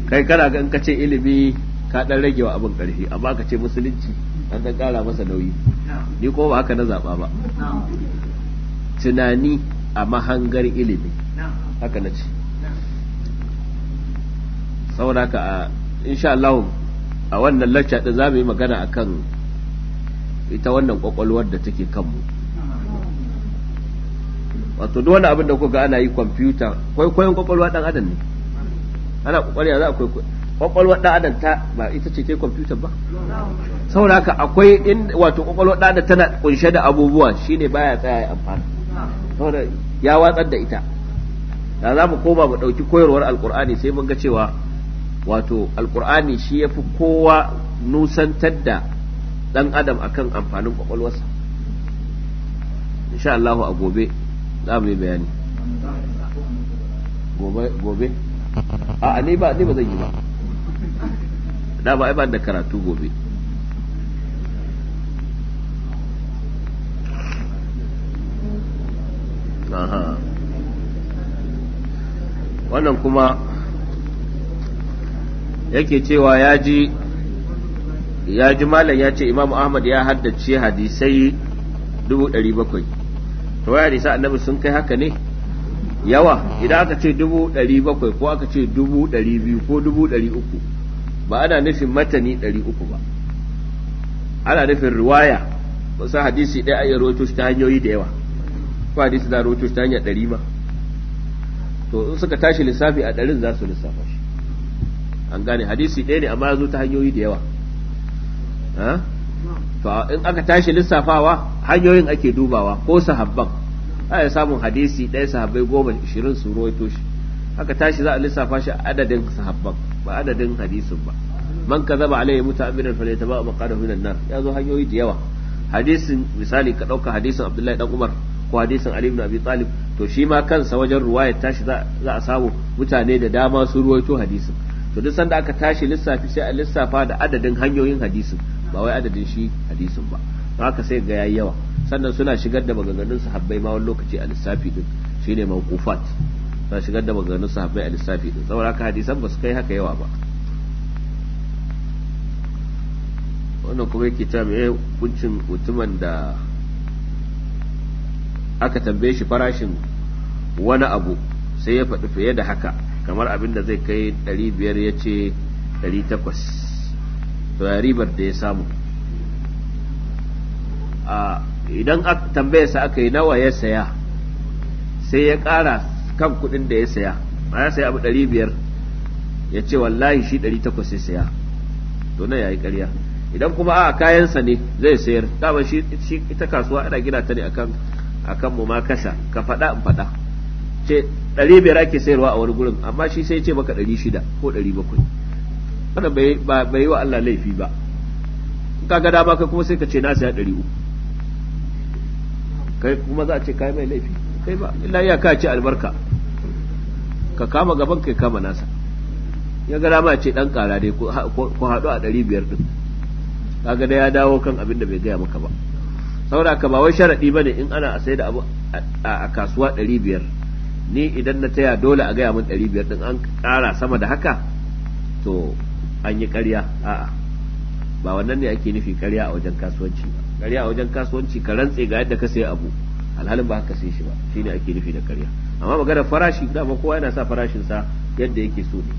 kai kana ga in ka ce ilimi ka dan rage wa abin karfi amma ka ce musulunci an dan kara masa nauyi ni ko ba haka na zaba ba tunani a mahangar ilimi haka na ce saboda ka a insha Allah a wannan lacca din za mu yi magana akan ita wannan kwakwalwar da take kanmu wato duk wani abin da kuka ana yi kwamfuta kwaikwayon kwakwalwa dan adam ne ana kwakwalwa za a kwaikwayo kwakwalwar ɗan adam ta ba ita ce ta kwamfuta ba saboda haka akwai in wato kwakwalwar ɗan adam tana kunshe da abubuwa shine baya tsaya ya amfana ya watsar da ita da za mu koma mu ɗauki koyarwar alkur'ani sai mun ga cewa wato alkur'ani shi ya fi kowa nusantar da ɗan adam akan amfanin kwakwalwarsa insha Allahu a gobe za mu yi bayani gobe gobe a ni ba ni ba zan yi ba da ba ba da karatu gobe wannan kuma yake cewa ya ji ya ji malam ya ce imamu ahmad ya haddace hadisai dubu ɗari bakwai to ya hadisa annabi sun kai haka ne yawa idan aka ce dubu ɗari bakwai ko aka ce dubu ɗari biyu ko dubu ɗari uku ba ana nufin matani ɗari uku ba ana nufin riwaya wasu hadisi ɗaya ayyar rotu shi ta hanyoyi da yawa ko hadisi za rotu shi ta hanyar ɗari ma to in suka tashi lissafi a ɗarin za su lissafa shi an gane hadisi ɗaya ne amma ya zo ta hanyoyi da yawa to in aka tashi lissafawa hanyoyin ake dubawa ko sahabban ya samun hadisi ɗaya sahabbai goma ishirin su ruwaito shi haka tashi za a lissafa shi a adadin sahabban ba adadin hadisin ba man ka zaba alaihi muta aminan fa ta ba a da hunan nan ya zo hanyoyi da yawa hadisin misali ka ɗauka hadisin abdullahi dan umar ko hadisin ali ibn abi talib to shi ma kansa wajen ruwayar tashi za a samu mutane da dama su ruwaito hadisin to duk sanda aka tashi lissafi sai a lissafa da adadin hanyoyin hadisin ba wai adadin shi hadisin ba haka sai ga yayi yawa sannan suna shigar da maganganun sahabbai ma wani lokaci a lissafi din shine mawqufat suna shigar da maganganun sahabbai a lissafi din saboda haka hadisan ba su kai haka yawa ba wannan kuma yake ta me kuncin mutumin da aka tambaye shi farashin wani abu sai ya faɗi fiye da haka kamar abin da zai kai 500 ya ce 800 to ribar da ya samu idan tambayarsa aka yi nawa ya saya sai ya ƙara kan kuɗin da ya saya ba ya saya abu ɗari biyar ya ce wallahi shi ɗari takwas ya saya to nan ya yi ƙarya idan kuma a kayansa ne zai sayar dama shi ita kasuwa ana gina ta ne akan akan mu ma kasha ka faɗa in faɗa ce ɗari biyar ake sayarwa a wani gurin amma shi sai ce maka ɗari shida ko ɗari bakwai wannan bai yi wa Allah laifi ba ka ga dama kai kuma sai ka ce na saya ɗari uku kai kuma za a ce kai mai laifi kai ba illa ya ka ce albarka ka kama gaban kai kama nasa ya ga dama ce dan kara dai ko hadu a ɗari biyar din kaga da ya dawo kan abin da bai gaya maka ba saboda ka ba wai sharaɗi ba ne in ana a sai da abu a kasuwa ɗari biyar ni idan na taya dole a gaya min ɗari biyar ɗin an kara sama da haka to an yi ƙarya a'a ba wannan ne ake nufi ƙarya a wajen kasuwanci ba karya a wajen kasuwanci ka rantse ga yadda ka sayi abu alhalin ba haka sai shi ba shine ake nufi da karya amma maganar farashi dama kowa yana sa farashin sa yadda yake so ne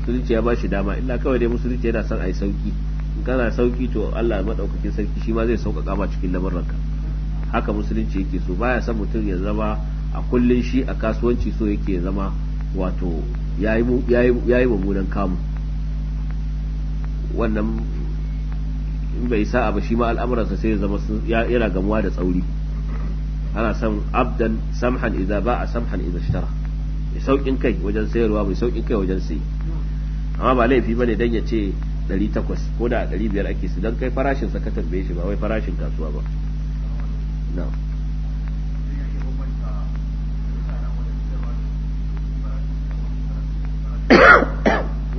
musulunci ya ba shi dama illa kawai dai musulunci yana son ai sauki in kana sauki to Allah madaukakin sarki shi ma zai sauƙaƙa ma cikin ka haka musulunci yake so baya son mutum ya zama a kullun shi a kasuwanci so yake zama wato yayi mummunan kamu wannan in bai sa'a ba shi ma al'amuransa sai ya zama yana gamuwa da tsauri ana son abdan samhan idza ba'a samhan idza ishtara mai saukin kai wajen sayarwa mai saukin kai wajen sayi amma ba laifi bane dan ya ce 800 ko da 500 ake su dan kai farashin sa ka tambaye shi ba wai farashin kasuwa ba na'am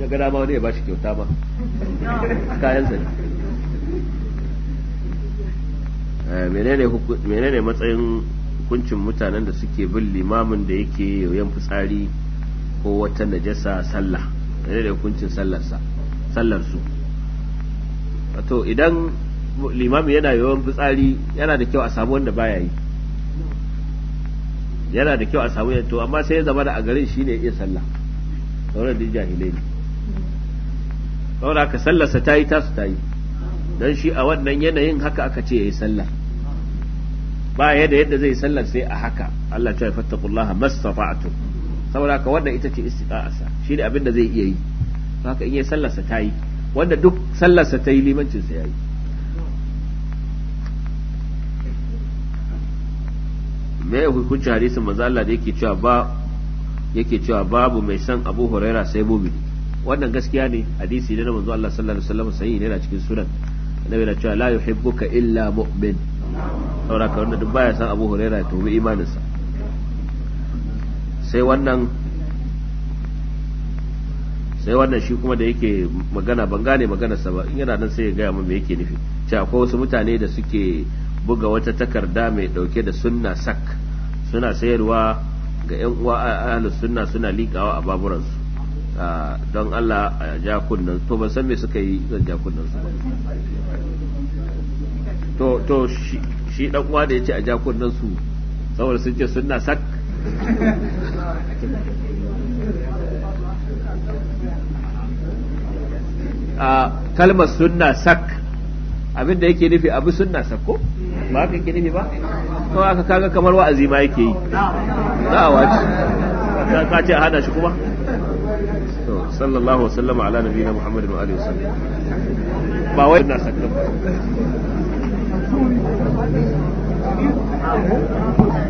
ya gada ma wani ya shi kyauta ba kayan sa ne Eh, menene matsayin hukuncin mutanen da suke bin limamin da yake yoyon fitsari ko wata najasa sallah menene hukuncin sallar sallarsu wato idan limami yana yoyon fitsari yana da kyau a samu wanda baya yi yana da kyau a samu yato amma sai ya zama da a garin shine iya sallah sauran da jahilai ne saboda ka sallarsa ta yi tasu ta yi don shi a wannan yanayin haka aka ce ya yi sallah ba yadda yadda zai sallar sai a haka Allah ta fattaqullaha mastata'tum saboda haka wanda ita ce shi ne abin da zai iya yi haka in ya sallarsa ta yi wanda duk sallarsa ta yi limancinsa ya yi me hukunci hadisin manzo Allah da yake cewa ba yake cewa babu mai san Abu Huraira sai bi. wannan gaskiya ne hadisi ne na manzo Allah sallallahu alaihi wasallam sahihi ne yana cikin sunan annabi yana cewa la yuhibbuka illa mu'min saboda ka wanda duk baya san abu huraira ya tobi imaninsa sai wannan sai wannan shi kuma da yake magana ban gane maganarsa ba in yana nan sai ya gaya min me yake nufi ce akwai wasu mutane da suke buga wata takarda mai dauke da sunna sak suna sayarwa ga yan uwa ahlus sunna suna likawa a baburansu ah, don Allah a ja kunnan to ban san me suka yi zan ja su ba to to shi dan uwa da yace a jakunan su saboda sun ce sunna sak a kalmar sunna sak abin da yake nufi abu sunna sako ba haka yake nufi ba ko aka kaga kamar wa'azi ma yake yi za a ka ce a hada shi kuma sallallahu wasallama ala nabiyina muhammadin wa alihi wasallam ba wai sunna sako 아, 뭐?